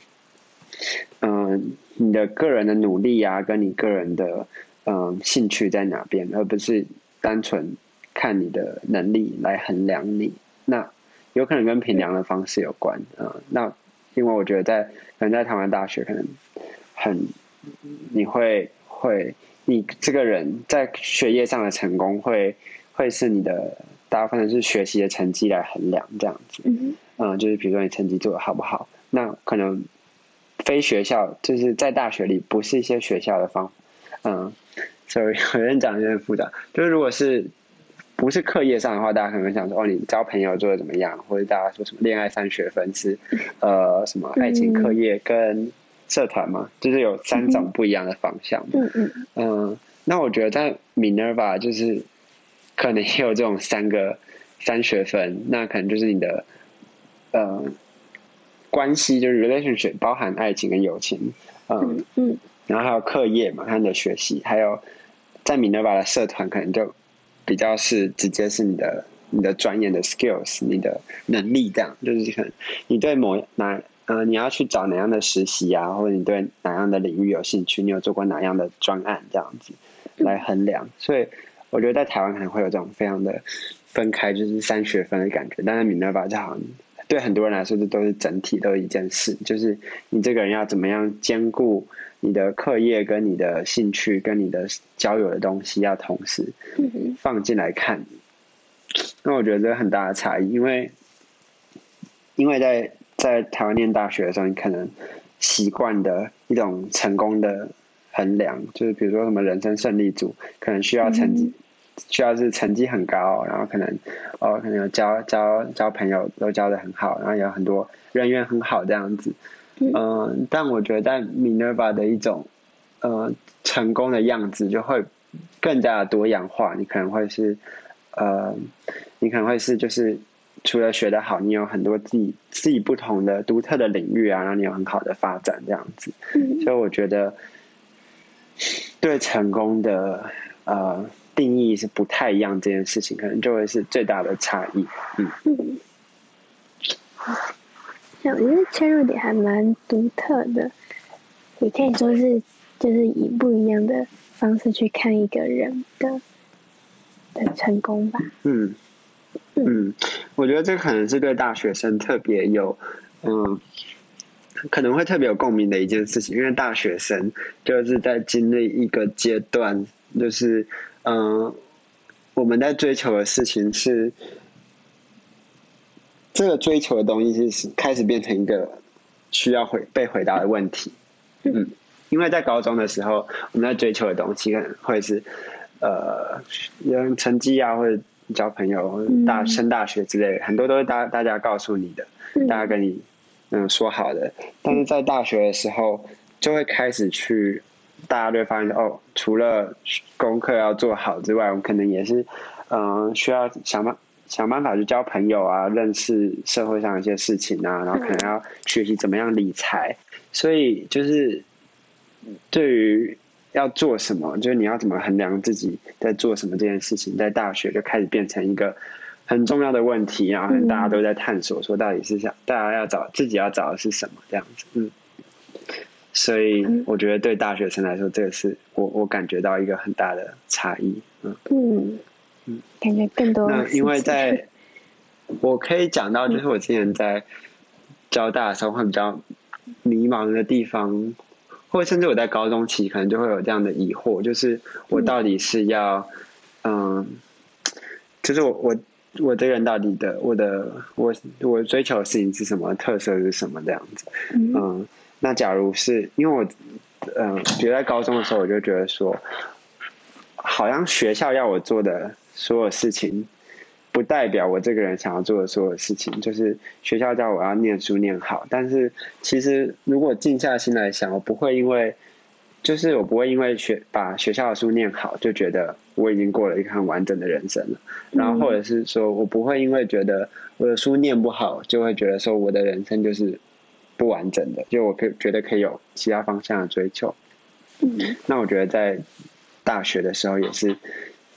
嗯、呃。你的個人的努力啊，跟你個人的嗯、呃、興趣在哪邊，而不是單純看你的能力來衡量你。那有可能跟評量的方式有關啊、呃。那因為我覺得在可能在台灣大學可能很，你會會你這個人在學業上的成功會會是你的大部分是學習的成績來衡量這樣子。嗯、呃、嗯，就是比如說你成績做得好不好，那可能。非學校就是在大學裡不是一些學校的方，嗯，所以有人講有人複雜的，就是如果是，不是課業上的話，大家可能會想說哦，你交朋友做得怎麼樣，或者大家說什麼戀愛三學分是，呃，什麼愛情課業跟社團嘛，嗯、就是有三種不一樣的方向嗯。嗯嗯嗯，那我覺得在 Minerva 就是可能也有這種三個三學分，那可能就是你的，嗯、呃。關係就是 relationship，包含愛情跟友情，嗯嗯，然後還有課業嘛，他的學習，還有在密涅瓦的社團可能就比較是直接是你的你的專業的 skills，你的能力這樣，就是可能你對某哪呃你要去找哪樣的實習啊，或者你對哪樣的領域有興趣，你有做過哪樣的專案這樣子來衡量。所以我覺得在台灣可能會有這種非常的分開，就是三學分的感覺，但是密涅瓦就好像，對很多人來說，這都是整體的一件事，就是你這個人要怎麼樣兼顧你的課業、跟你的興趣、跟你的交友的東西，要同時放進來看。嗯、哼那我覺得這很大的差異，因為因為在在台灣念大學的時候，你可能習慣的一種成功的衡量，就是比如說什麼人生勝利組，可能需要成績。嗯需要是成績很高，然後可能哦，可能有交交交朋友都交得很好，然後也有很多人緣很好這樣子。嗯、呃，但我覺得在 Minerva 的一種呃成功的樣子，就會更加的多樣化。你可能會是呃，你可能會是就是除了學得好，你有很多自己自己不同的獨特的領域啊，然後你有很好的發展這樣子。所以、嗯、我覺得對成功的呃。定義是不太一樣，這件事情可能就會是最大的差異。嗯，嗯、啊，我覺得切入點還蠻獨特的，也可以說是就是以不一樣的方式去看一個人的，的成功吧。嗯嗯，嗯，我覺得這可能是對大學生特別有嗯，可能會特別有共鳴的一件事情，因為大學生就是在經歷一個階段，就是。嗯、呃，我們在追求的事情是，這個追求的東西是開始變成一個需要回被回答的問題。嗯，嗯，因為在高中的時候，我們在追求的東西可能會是呃，人成績啊，或者交朋友，大升大學之類的，嗯、很多都是大大家告訴你的，嗯、大家跟你嗯說好的。但是在大學的時候，就會開始去。大家都會發現哦，除了功課要做好之外，我們可能也是，嗯、呃，需要想辦想辦法去交朋友啊，認識社會上一些事情啊，然後可能要學習怎麼樣理財。嗯、所以就是對於要做什麼，就是你要怎麼衡量自己在做什麼這件事情，在大學就開始變成一個很重要的問題，啊。大家都在探索，說到底是想、嗯、大家要找自己要找的是什麼這樣子，嗯。所以我覺得對大學生來說，這個是我，嗯、我感覺到一個很大的差異、嗯嗯，嗯嗯感覺更多因為在我可以講到，就是我之前在交大的時候會比較迷茫的地方，或者甚至我在高中期可能就會有這樣的疑惑，就是我到底是要嗯，就是我我我這個人到底的我的我我追求的事情是什麼，特色是什麼這樣子，嗯。嗯那假如是因為我，嗯，比如在高中的時候，我就覺得說，好像學校要我做的所有事情，不代表我這個人想要做的所有事情。就是學校叫我要念書念好，但是其實如果靜下心來想，我不會因為，就是我不會因為學把學校的書念好就覺得我已經過了一個很完整的人生了。然後或者是說我不會因為覺得我的書念不好，就會覺得說我的人生就是。不完整的，就我可覺得可以有其他方向的追求。嗯，那我覺得在大學的時候也是，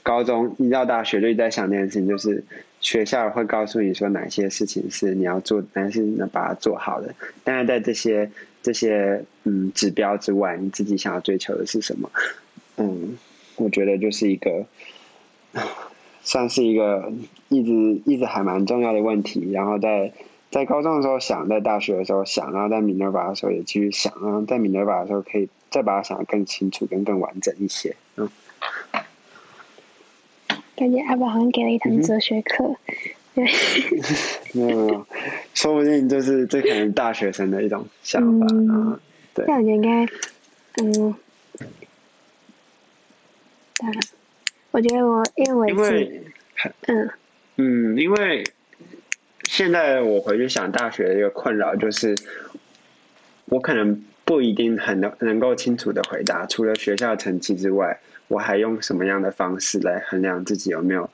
高中一到大學，就一直在想這件事情，就是學校會告訴你說哪些事情是你要做，但是能把它做好的。但是在這些這些嗯指標之外，你自己想要追求的是什麼？嗯，我覺得就是一個，算是一個一直一直還蠻重要的問題，然後在。在高中的時候想，在大學的時候想、啊，然後在 Minerva 的時候也繼續想、啊，然後在 Minerva 的時候可以再把它想得更清楚、更更完整一些。嗯。感覺阿包好像給了一堂哲學課。嗯、對。沒有、 嗯，說不定就是這可能大學生的一種想法、啊、嗯。對。那我覺得應該，嗯，但、嗯、對我覺得我因為我因為嗯嗯，因為。現在我回去想大學的一個困擾就是，我可能不一定很能能夠清楚的回答，除了學校的成績之外，我還用什麼樣的方式來衡量自己有沒有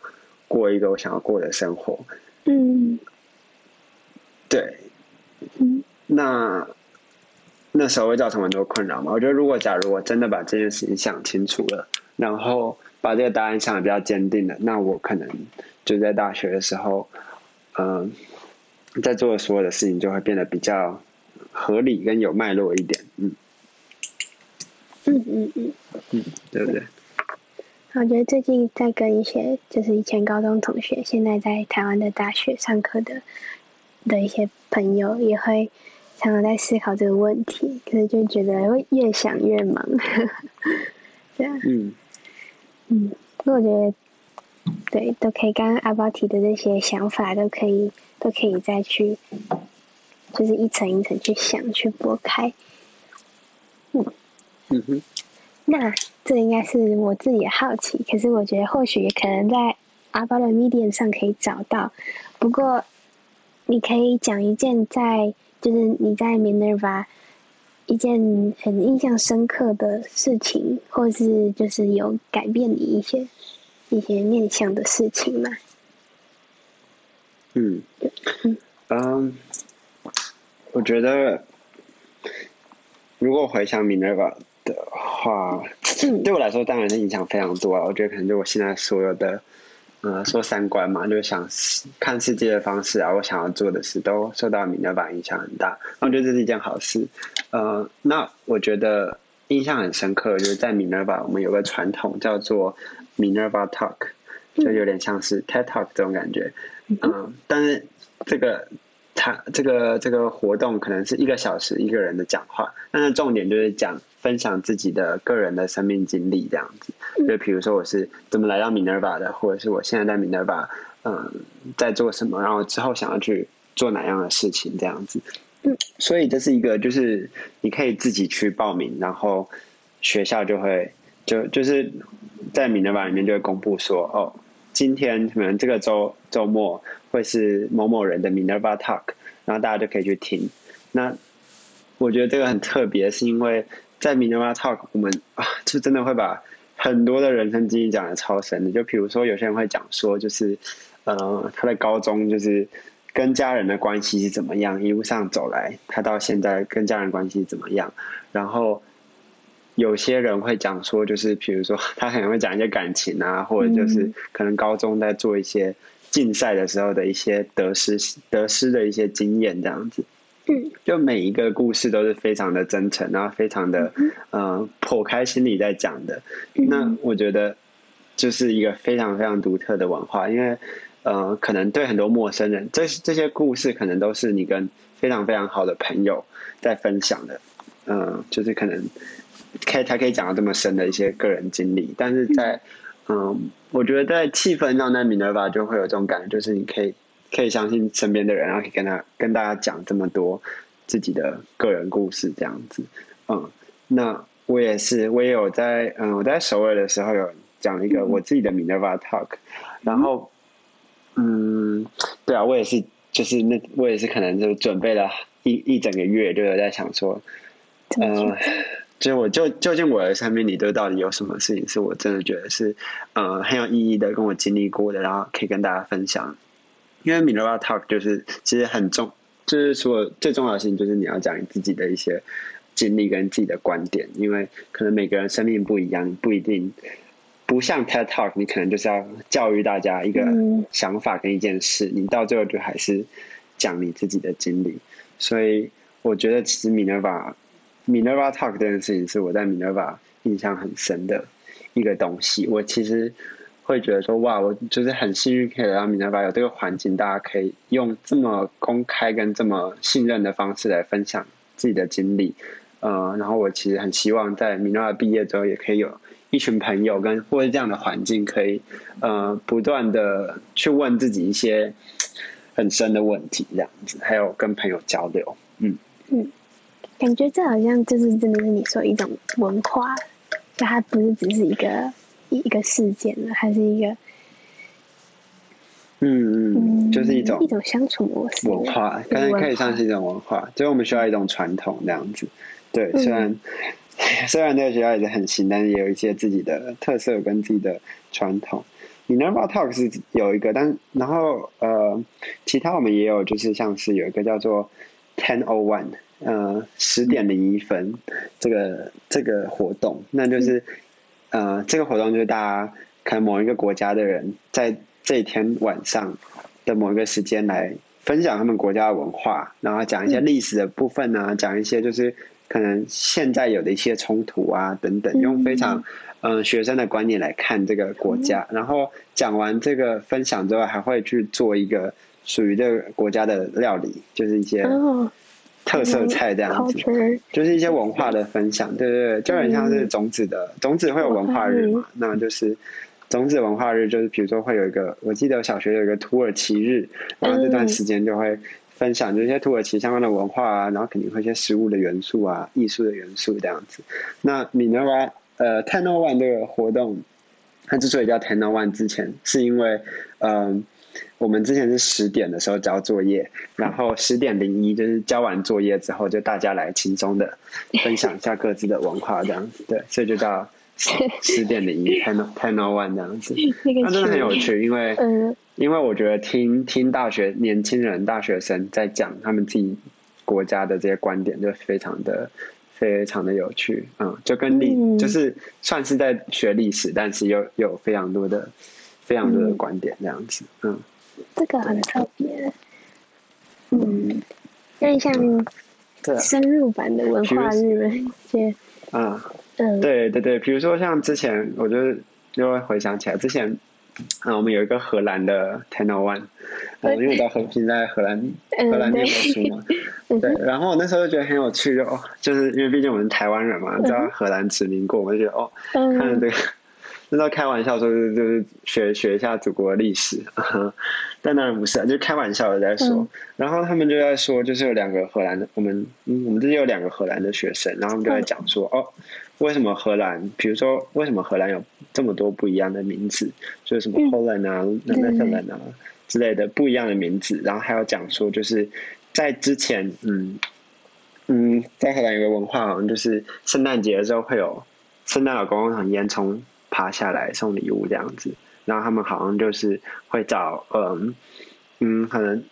過一個我想要過的生活？嗯，對，那那時候會造成很多困擾嗎？我覺得如果假如我真的把這件事情想清楚了，然後把這個答案想得比較堅定了，那我可能就在大學的時候，嗯、呃。在做所有的事情就會變得比較合理跟有脈絡一點，嗯，嗯嗯嗯，嗯，嗯，嗯，對不對？我覺得最近在跟一些就是以前高中同學，現在在台灣的大學上課的的一些朋友，也會常常在思考這個問題，可是就覺得會越想越忙，這樣，嗯嗯，嗯我覺得。對，都可以。剛剛阿包提的那些想法，都可以，都可以再去，就是一層一層去想，去撥開。嗯，嗯哼。那這應該是我自己的好奇，可是我覺得或許可能在阿包的 Medium 上可以找到。不過，你可以講一件在，就是你在 Minerva 一件很印象深刻的事情，或是就是有改變你一些。一些面向的事情嘛，嗯，嗯，嗯，um, 我覺得如果回想 Minerva 的話，嗯、對我來說當然是影響非常多了，啊。我覺得可能對我現在所有的，呃，說三觀嘛，就是想看世界的方式啊，我想要做的事，都受到 Minerva 影響很大。那，嗯，我覺得這是一件好事。呃，那我覺得印象很深刻，就是在 Minerva，我們有個傳統叫做 Minerva Talk 就有點像是 TED Talk 這種感覺，嗯哼，嗯，但是這個他這個這個活動可能是一個小時一個人的講話，但是重點就是講分享自己的個人的生命經歷這樣子，就比如說我是怎麼來到 Minerva 的，或者是我現在在 Minerva 嗯在做什麼，然後之後想要去做哪樣的事情這樣子，嗯，所以這是一個就是你可以自己去報名，然後學校就會就就是。在 Minerva 裡面就會公布說，哦，今天可能這個周周末會是某某人的 Minerva Talk，然後大家就可以去聽。那我覺得這個很特別，是因為在 Minerva Talk，我們啊就真的會把很多的人生經歷講得超深的。就比如說，有些人會講說，就是呃，他的高中就是跟家人的關係是怎麼樣，一路上走來，他到現在跟家人關係是怎麼樣，然後。有些人會講說，就是比如說，他很會講一些感情啊，或者就是可能高中在做一些競賽的時候的一些得失得失的一些經驗這樣子。嗯，就每一個故事都是非常的真誠，然後非常的呃，剖開心裡在講的。那我覺得就是一個非常非常獨特的文化，因為呃，可能對很多陌生人，這這些故事可能都是你跟非常非常好的朋友在分享的。嗯，就是可能。才可以，他可以講到這麼深的一些個人經歷，但是在，嗯，嗯，我覺得在氣氛上在 Minerva 就會有這種感覺，就是你可以可以相信身邊的人，然後可以跟他跟大家講這麼多自己的個人故事，這樣子，嗯，那我也是，我也有在，嗯，我在首爾的時候有講一個我自己的 Minerva Talk，嗯，然後，嗯，對啊，我也是，就是那我也是可能就準備了一一整個月，就有在想說，嗯。嗯 就我就究竟我的生命裡，都到底有什麼事情是我真的覺得是，呃，很有意義的，跟我經歷過的，然後可以跟大家分享。因為 Minerva talk 就是其實很重，就是說最重要的事情就是你要講你自己的一些經歷跟自己的觀點，因為可能每個人生命不一樣，不一定不像 TED talk，你可能就是要教育大家一個想法跟一件事，你到最後就還是講你自己的經歷。所以我覺得其實 Minerva Minerva Talk 這件事情是我在 Minerva 印象很深的一個東西。我其實會覺得說，哇，我就是很幸運，可以來到 Minerva 有這個環境，大家可以用這麼公開跟這麼信任的方式來分享自己的經歷。呃，然後我其實很希望在 Minerva 畢業之後，也可以有一群朋友跟或者這樣的環境，可以呃不斷的去問自己一些很深的問題，這樣子，還有跟朋友交流。嗯嗯。感覺這好像就是真的是你說一種文化，就它不是只是一個一一個事件了，還是一個，嗯嗯，嗯就是一種一種相處模式文化，當然可以像是一種文化，就是我們需要一種傳統這樣子。嗯、對，雖然雖然這個學校也是很新，但是也有一些自己的特色跟自己的傳統。你 number talk 是有一個，但然後呃，其他我們也有就是像是有一個叫做 ten o one。呃，十點零一分，嗯、這個這個活動，那就是、嗯、呃，這個活動就是大家可能某一個國家的人在這一天晚上的某一個時間來分享他們國家的文化，然後講一些歷史的部分啊，嗯、講一些就是可能現在有的一些衝突啊等等，用非常嗯、呃、學生的觀念來看這個國家，嗯、然後講完這個分享之後，還會去做一個屬於這個國家的料理，就是一些哦特色菜這樣子，就是一些文化的分享，對不對，對？就很像是種子的，種子會有文化日嘛？那就是種子文化日，就是比如說會有一個，我記得我小學有一個土耳其日，然後這段時間就會分享就是一些土耳其相關的文化啊，然後肯定會一些食物的元素啊，藝術的元素這樣子。那密涅瓦呃，Ten One 這個活動，它之所以叫 Ten One，之前是因為嗯、呃。我們之前是十點的時候交作業，然後十點零一就是交完作業之後，就大家來輕鬆的分享一下各自的文化這樣子，對，所以就叫十， 十,十點零一，ten ten o one 這樣子。那個真的很有趣，因為因為我覺得聽聽大學年輕人大學生在講他們自己國家的這些觀點，就非常的非常的有趣，嗯，就跟歷、嗯、就是算是在學歷史，但是又有，有非常多的。這樣的觀點這樣子，嗯，這個很特別，嗯，因為像深入版的文化日那些，啊，嗯，對對對，比如說像之前，我就因為回想起來之前，啊，我們有一個荷蘭的 Tenno One，啊，因為你知道橫平在荷蘭荷蘭念過書嘛，對，然後我那時候就覺得很有趣，就哦，就是因為畢竟我們台灣人嘛，在荷蘭殖民過，我就覺得哦，看着這個。正在開玩笑說，就是學學一下祖國的歷史呵呵，但當然不是啊，就開玩笑的在說。嗯、然後他們就在說，就是有兩個荷蘭的，我們，嗯、我們這裡有兩個荷蘭的學生，然後他們就在講說，嗯、哦，為什麼荷蘭？比如說，為什麼荷蘭有這麼多不一樣的名字？就什麼 Holland 啊、Netherlands 啊之類的不一樣的名字。然後還要講說，就是在之前，嗯嗯，在荷蘭有個文化，好像就是聖誕節的時候會有聖誕老公公和煙囪爬下來送禮物這樣子，然後他們好像就是會找嗯嗯，可能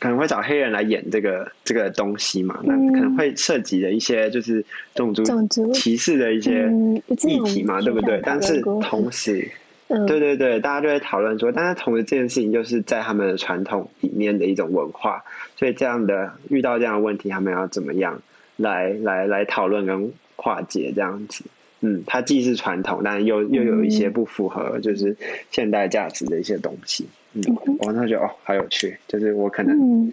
可能會找黑人來演這個這個東西嘛，那、嗯、可能會涉及的一些就是種族歧視的一些議題嘛，嗯、對不對？但是同時，嗯、對對對，大家就會討論說，但是同時這件事情就是在他們的傳統裡面的一種文化，所以這樣的遇到這樣的問題，他們要怎麼樣來來來討論跟化解這樣子。嗯，它既是傳統，但又又有一些不符合就是現代價值的一些東西。嗯，嗯我那時候覺得、嗯、哦，好有趣，就是我可能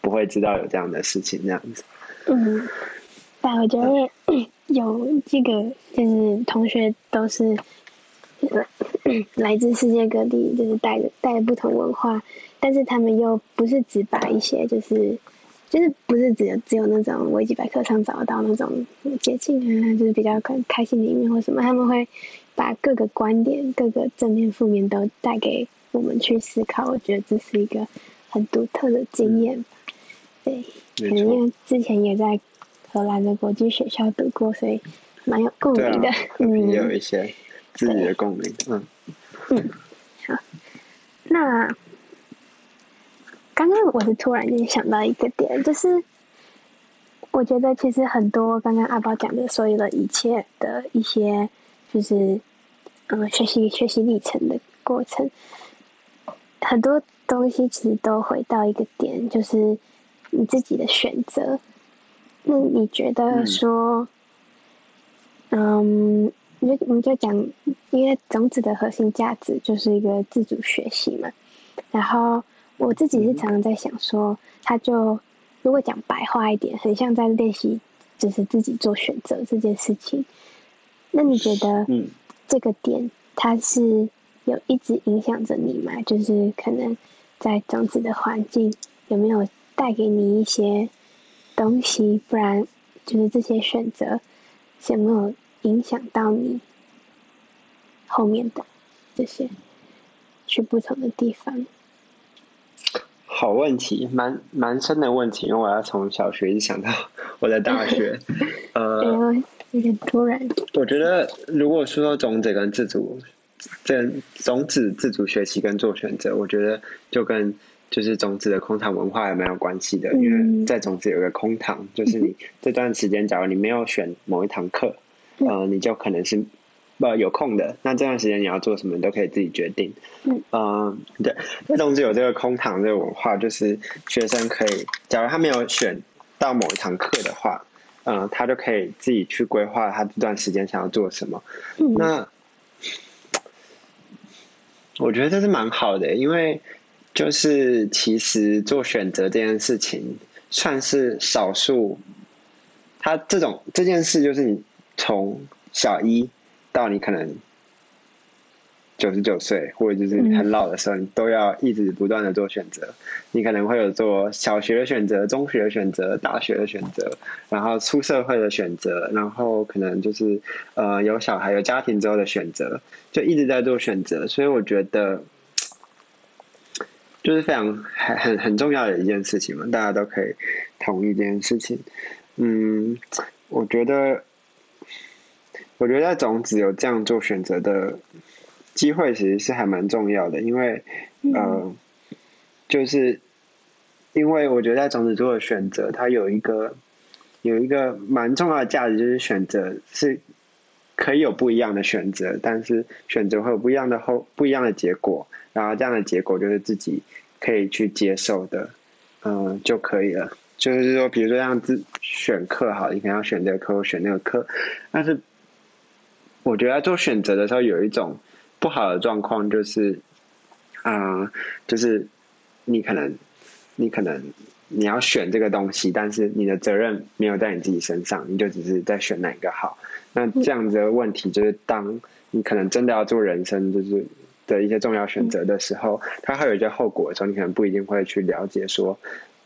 不會知道有這樣的事情，這樣子。嗯，但我覺得有這個，就是同學都是來自世界各地，就是帶着帶着不同文化，但是他們又不是只把一些，就是。就是不是只有只有那種維基百科上找得到那種捷徑啊，就是比較開開心的一面或什麼，他們會把各個觀點、各個正面負面都帶給我們去思考。我覺得這是一個很獨特的經驗。嗯、對，對可能因為之前也在荷蘭的國際學校讀過，所以蠻有共鳴的。啊、嗯，有一些自己的共鳴，啊、嗯。嗯， 好，那。剛剛我是突然間想到一個點，就是我覺得其實很多剛剛阿包講的，所有的一切的一些，就是嗯，學習學習歷程的過程，很多東西其實都回到一個點，就是你自己的選擇。那你覺得說，嗯，嗯，你就你就講，因為種子的核心價值就是一個自主學習嘛，然後。我自己是常常在想說，他就如果講白話一點，很像在練習，就是自己做選擇這件事情。那你覺得這個點它是有一直影響着你嗎？就是可能在種籽的環境有沒有帶給你一些東西？不然就是這些選擇有沒有影響到你後面的這些去不同的地方？好問題，蠻蠻深的問題，因為我要從小學一直想到我的大學， 呃，有點突然。我覺得，如果說種子跟自主，這種子自主學習跟做選擇，我覺得就跟就是種子的空堂文化也蠻有關係的，嗯、因為在種子有個空堂，就是你這段時間，假如你沒有選某一堂課，嗯、呃，你就可能是。不有空的，那這段時間你要做什麼？你都可以自己決定。嗯、呃，對，那總之有這個空堂這個文化，就是學生可以，假如他沒有選到某一堂課的話，嗯、呃，他就可以自己去規劃他這段時間想要做什麼。嗯、那我覺得這是蠻好的、欸，因為就是其實做選擇這件事情算是少數，他這種這件事就是你從小一。到你可能九十九歲，或者就是很老的時候，嗯、你都要一直不斷的做選擇。你可能會有做小學的選擇、中學的選擇、大學的選擇，然後出社會的選擇，然後可能就是呃有小孩、有家庭之後的選擇，就一直在做選擇。所以我覺得就是非常很很重要的一件事情嘛，大家都可以同一件事情。嗯，我覺得。我覺得在種子有這樣做選擇的機會，其實是還蠻重要的，因為、嗯、呃，就是因為我覺得在種子做的選擇，它有一個有一個蠻重要的價值，就是選擇是可以有不一樣的選擇，但是選擇會有不一樣的後不一樣的結果，然後這樣的結果就是自己可以去接受的，嗯、呃、就可以了。就是說，比如說讓自選課好，你可能要選這個課，我選那個課，但是。我覺得做選擇的時候，有一種不好的狀況就是，啊、呃，就是你可能你可能你要選這個東西，但是你的責任沒有在你自己身上，你就只是在選哪一個好。那這樣子的問題就是，當你可能真的要做人生就是的一些重要選擇的時候，它會有一些後果的時候，你可能不一定會去了解說，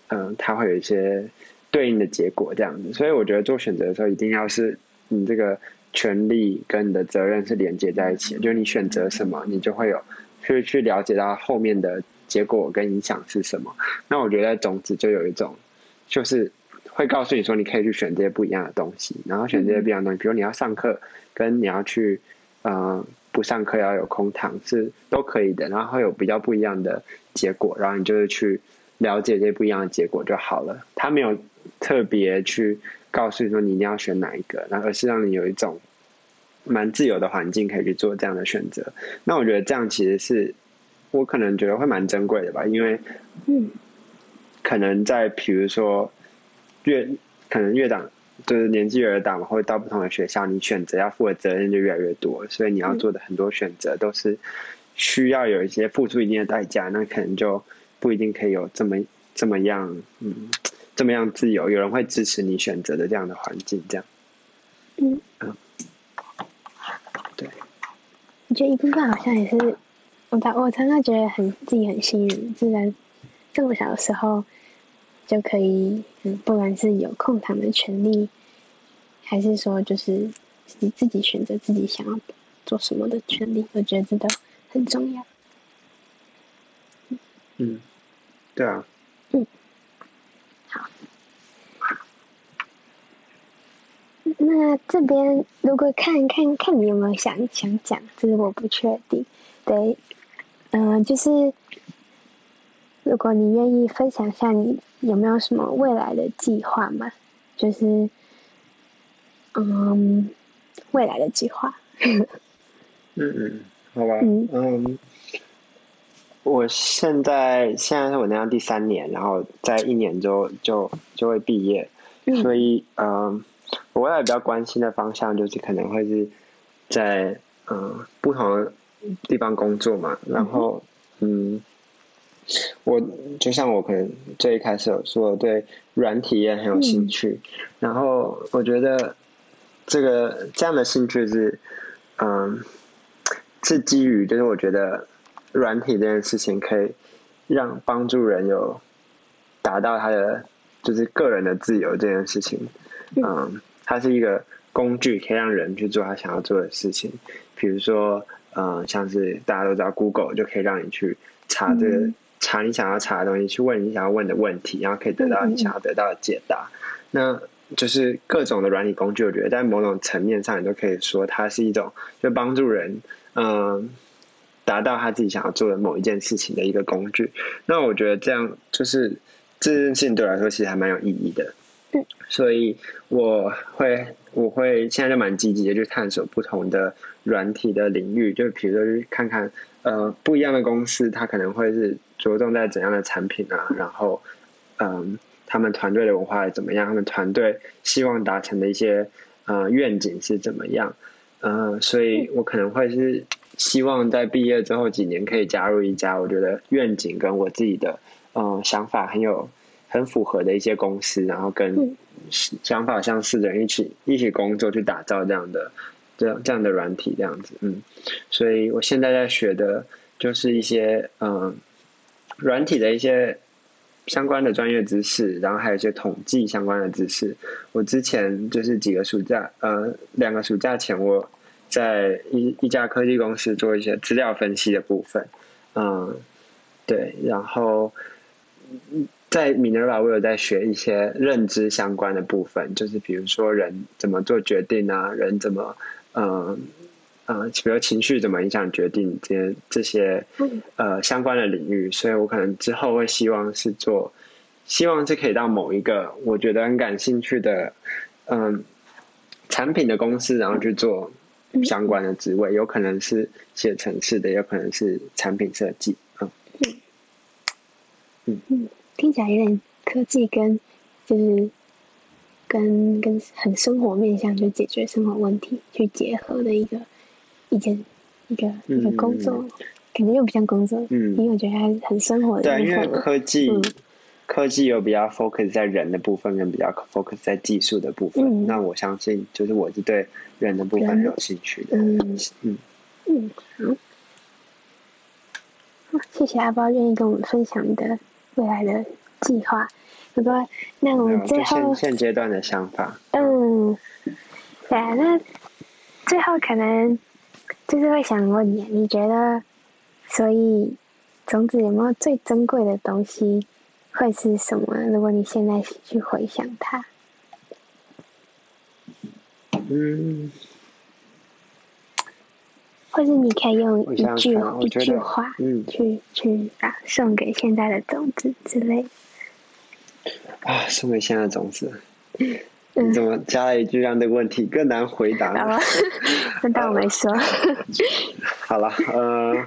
嗯、呃，它會有一些對應的結果這樣子。所以我覺得做選擇的時候，一定要是你這個。權利跟你的責任是連接在一起，就是你選擇什麼，你就會有去去了解到後面的結果跟影響是什麼。那我覺得種子就有一種，就是會告訴你說，你可以去選這些不一樣的東西，然後選這些不一樣的東西，嗯嗯比如你要上課跟你要去，呃，不上課要有空堂是都可以的，然後會有比較不一樣的結果，然後你就是去了解這些不一樣的結果就好了。他沒有特別去。告訴你說你一定要選哪一個，然而是讓你有一種蠻自由的環境可以去做這樣的選擇。那我覺得這樣其實是我可能覺得會蠻珍貴的吧，因為、嗯、可能在譬如說越可能越長就是年紀越大嘛，或者到不同的學校，你選擇要負的責任就越來越多，所以你要做的很多選擇都是需要有一些付出一定的代價，嗯、那可能就不一定可以有這麼這麼樣，嗯。這麼樣自由，有人會支持你選擇的這樣的環境，這樣，嗯，嗯，對。我覺得一部分好像也是，我我常常覺得很自己很幸運，自然這麼小的時候就可以，嗯，不管是有空堂的權利，還是說就是你自己選擇自己想要做什麼的權利，我覺得這都很重要。嗯，對啊。嗯。那這邊如果看看看你有沒有想想講，這是我不確定。對，嗯、呃，就是如果你願意分享下，你有沒有什麼未來的計劃嗎？就是，嗯，未來的計劃。 嗯嗯，好吧。嗯，嗯。我現在現在我那樣第三年，然後在一年之後就就，就會畢業，嗯、所以嗯。我也比較關心的方向就是可能會是在嗯、呃、不同的地方工作嘛，然後嗯，哼嗯，我就像我可能最一開始有說對軟體也很有興趣，嗯、然後我覺得這個這樣的興趣是嗯是基於就是我覺得軟體這件事情可以讓幫助人有達到他的就是個人的自由這件事情，嗯。嗯它是一個工具，可以讓人去做他想要做的事情。比如說，嗯、呃，像是大家都知道 Google，就可以讓你去查這個，嗯、查你想要查的東西，去問你想要問的問題，然後可以得到你想要得到的解答。嗯、那就是各種的軟體工具，我覺得在某種層面上，你都可以說它是一種，就幫助人，嗯、呃，達到他自己想要做的某一件事情的一個工具。那我覺得這樣，就是這件事情對我來說其實還蠻有意義的。所以我會我會現在就蠻積極的去探索不同的軟體的領域，就比如說，看看呃，不一樣的公司，它可能會是着重在怎樣的產品啊，然後嗯、呃、他們團隊的文化怎麼樣，他們團隊希望達成的一些呃願景是怎麼樣，嗯，所以我可能會是希望在畢業之後幾年可以加入一家我覺得願景跟我自己的嗯、呃、想法很有。很符合的一些公司，然後跟想法相似的人一起一起工作，去打造這樣的、這樣這樣的軟體，這樣子。嗯，所以我現在在學的就是一些嗯軟體的一些相關的專業知識，然後還有一些統計相關的知識。我之前就是幾個暑假，呃，兩個暑假前我在一一家科技公司做一些資料分析的部分。嗯，對，然後在 Minerva 我有在學一些認知相關的部分，就是比如說人怎麼做決定啊，人怎麼呃嗯、呃，比如情緒怎麼影響決定，這些這些呃相關的領域，嗯、所以我可能之後會希望是做，希望是可以到某一個我覺得很感興趣的嗯、呃、產品的公司，然後去做相關的職位，嗯、有可能是寫程式的，有可能是產品設計啊，嗯嗯。嗯聽起來有點科技跟，就是跟，跟跟很生活面向去解決生活問題去結合的一個，一件一個一個工作，嗯、感覺又不像工作，嗯，因為我覺得還是很生活的。對，因為科技，嗯、科技又比較 focus 在人的部分，跟比較 focus 在技術的部分。嗯、那我相信，就是我是對人的部分很有興趣的。嗯嗯嗯，好，謝謝阿包願意跟我們分享的。未來的計劃，不過那我們最後現，現階段的想法，嗯，對啊，那最後可能就是會想問你，你覺得所以種籽有沒有最珍貴的東西會是什麼？如果你現在去回想它，嗯。或者你可以用一句想想一句話去，嗯、去把，啊，送給現在的種子之類。啊，送給現在的種子，嗯，你怎麼加了一句讓這個問題更難回答了？那，嗯、 當我沒說。啊，好了，呃，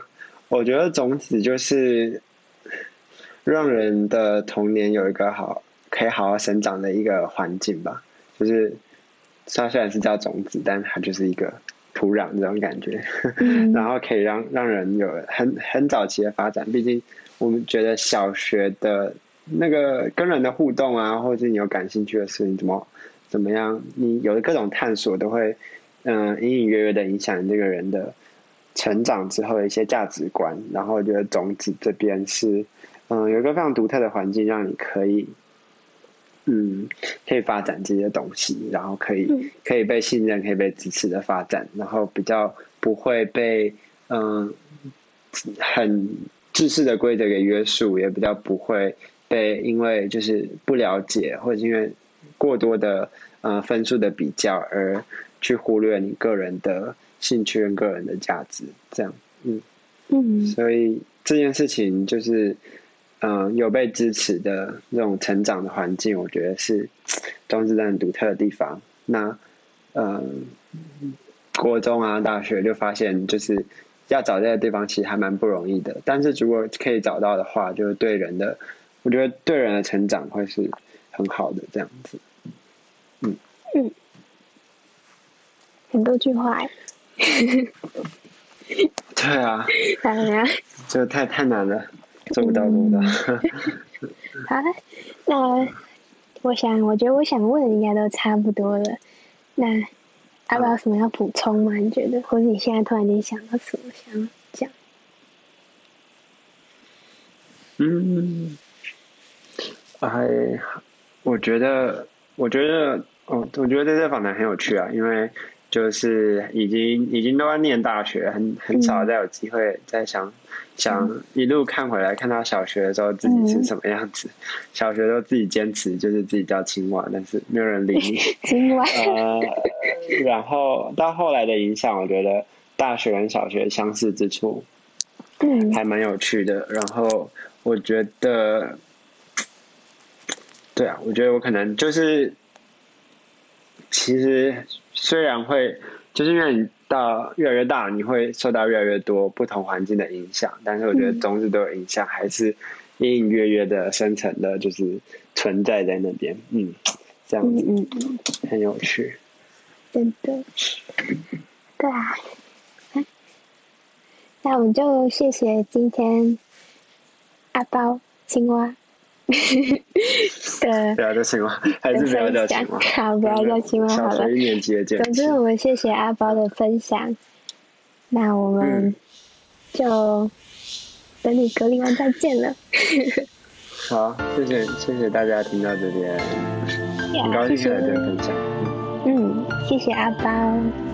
我覺得種子就是讓人的童年有一個好可以好好生長的一個環境吧。就是它雖然是叫種子，但它就是一個。土壤這種感覺，嗯、然後可以讓讓人有很很早期的發展。畢竟我們覺得小學的那個跟人的互動啊，或者你有感興趣的事情，怎麼怎麼樣，你有的各種探索，都會嗯、呃、隱隱約約的影響這個人的成長之後的一些價值觀。然後我覺得種籽這邊是嗯、呃、有一個非常獨特的環境，讓你可以。嗯，可以發展這些東西，然後可以可以被信任、可以被支持的發展，然後比較不會被嗯、呃、很制式的規則給約束，也比較不會被因為就是不了解或者因為過多的呃分數的比較而去忽略你個人的興趣跟個人的價值，這樣，嗯，嗯所以這件事情就是。嗯，有被支持的這種成長的環境，我覺得是種籽真的很獨特的地方。那呃、嗯，國中啊、大學就發現就是要找這個地方，其實還蠻不容易的。但是如果可以找到的話，就是對人的，我覺得對人的成長會是很好的這樣子。嗯嗯，很多句話哎、欸。 對啊。咋了？就太太難了。做不到，嗯、做不到。 好，那我想，我覺得我想問的應該都差不多了。那要不要什麼要補充嗎？啊、你覺得，或者你現在突然間想到什麼想講？嗯，還、哎、我覺得，我覺得，哦，我覺得這次訪談很有趣啊，因為。就是已經已經都在念大學，很很少再有機會再想、嗯、想一路看回來看到小學的時候自己是什麼樣子，嗯、小學都自己堅持就是自己叫青蛙，但是沒有人理你 青蛙。呃、然後到後來的影響，我覺得大學跟小學相似之處，嗯、還蠻有趣的。然後我覺得，對啊，我覺得我可能就是其實。雖然會，就是因為你到越來越大，你會受到越來越多不同環境的影響，但是我覺得種籽都有影響，嗯、還是隱隱約約的、深層的，就是存在在那邊。嗯，這樣子，嗯，嗯嗯，很有趣。真的，對啊，那我們就謝謝今天阿包青蛙。 對，對、啊、還是不要聊情好，不要聊情嗎？好了，好的總之，我們謝謝阿包的分享， 那我們就等你隔離完再見了。 好，謝謝謝謝大家聽到這邊，yeah, 很高興來分享謝謝。嗯，謝謝阿包。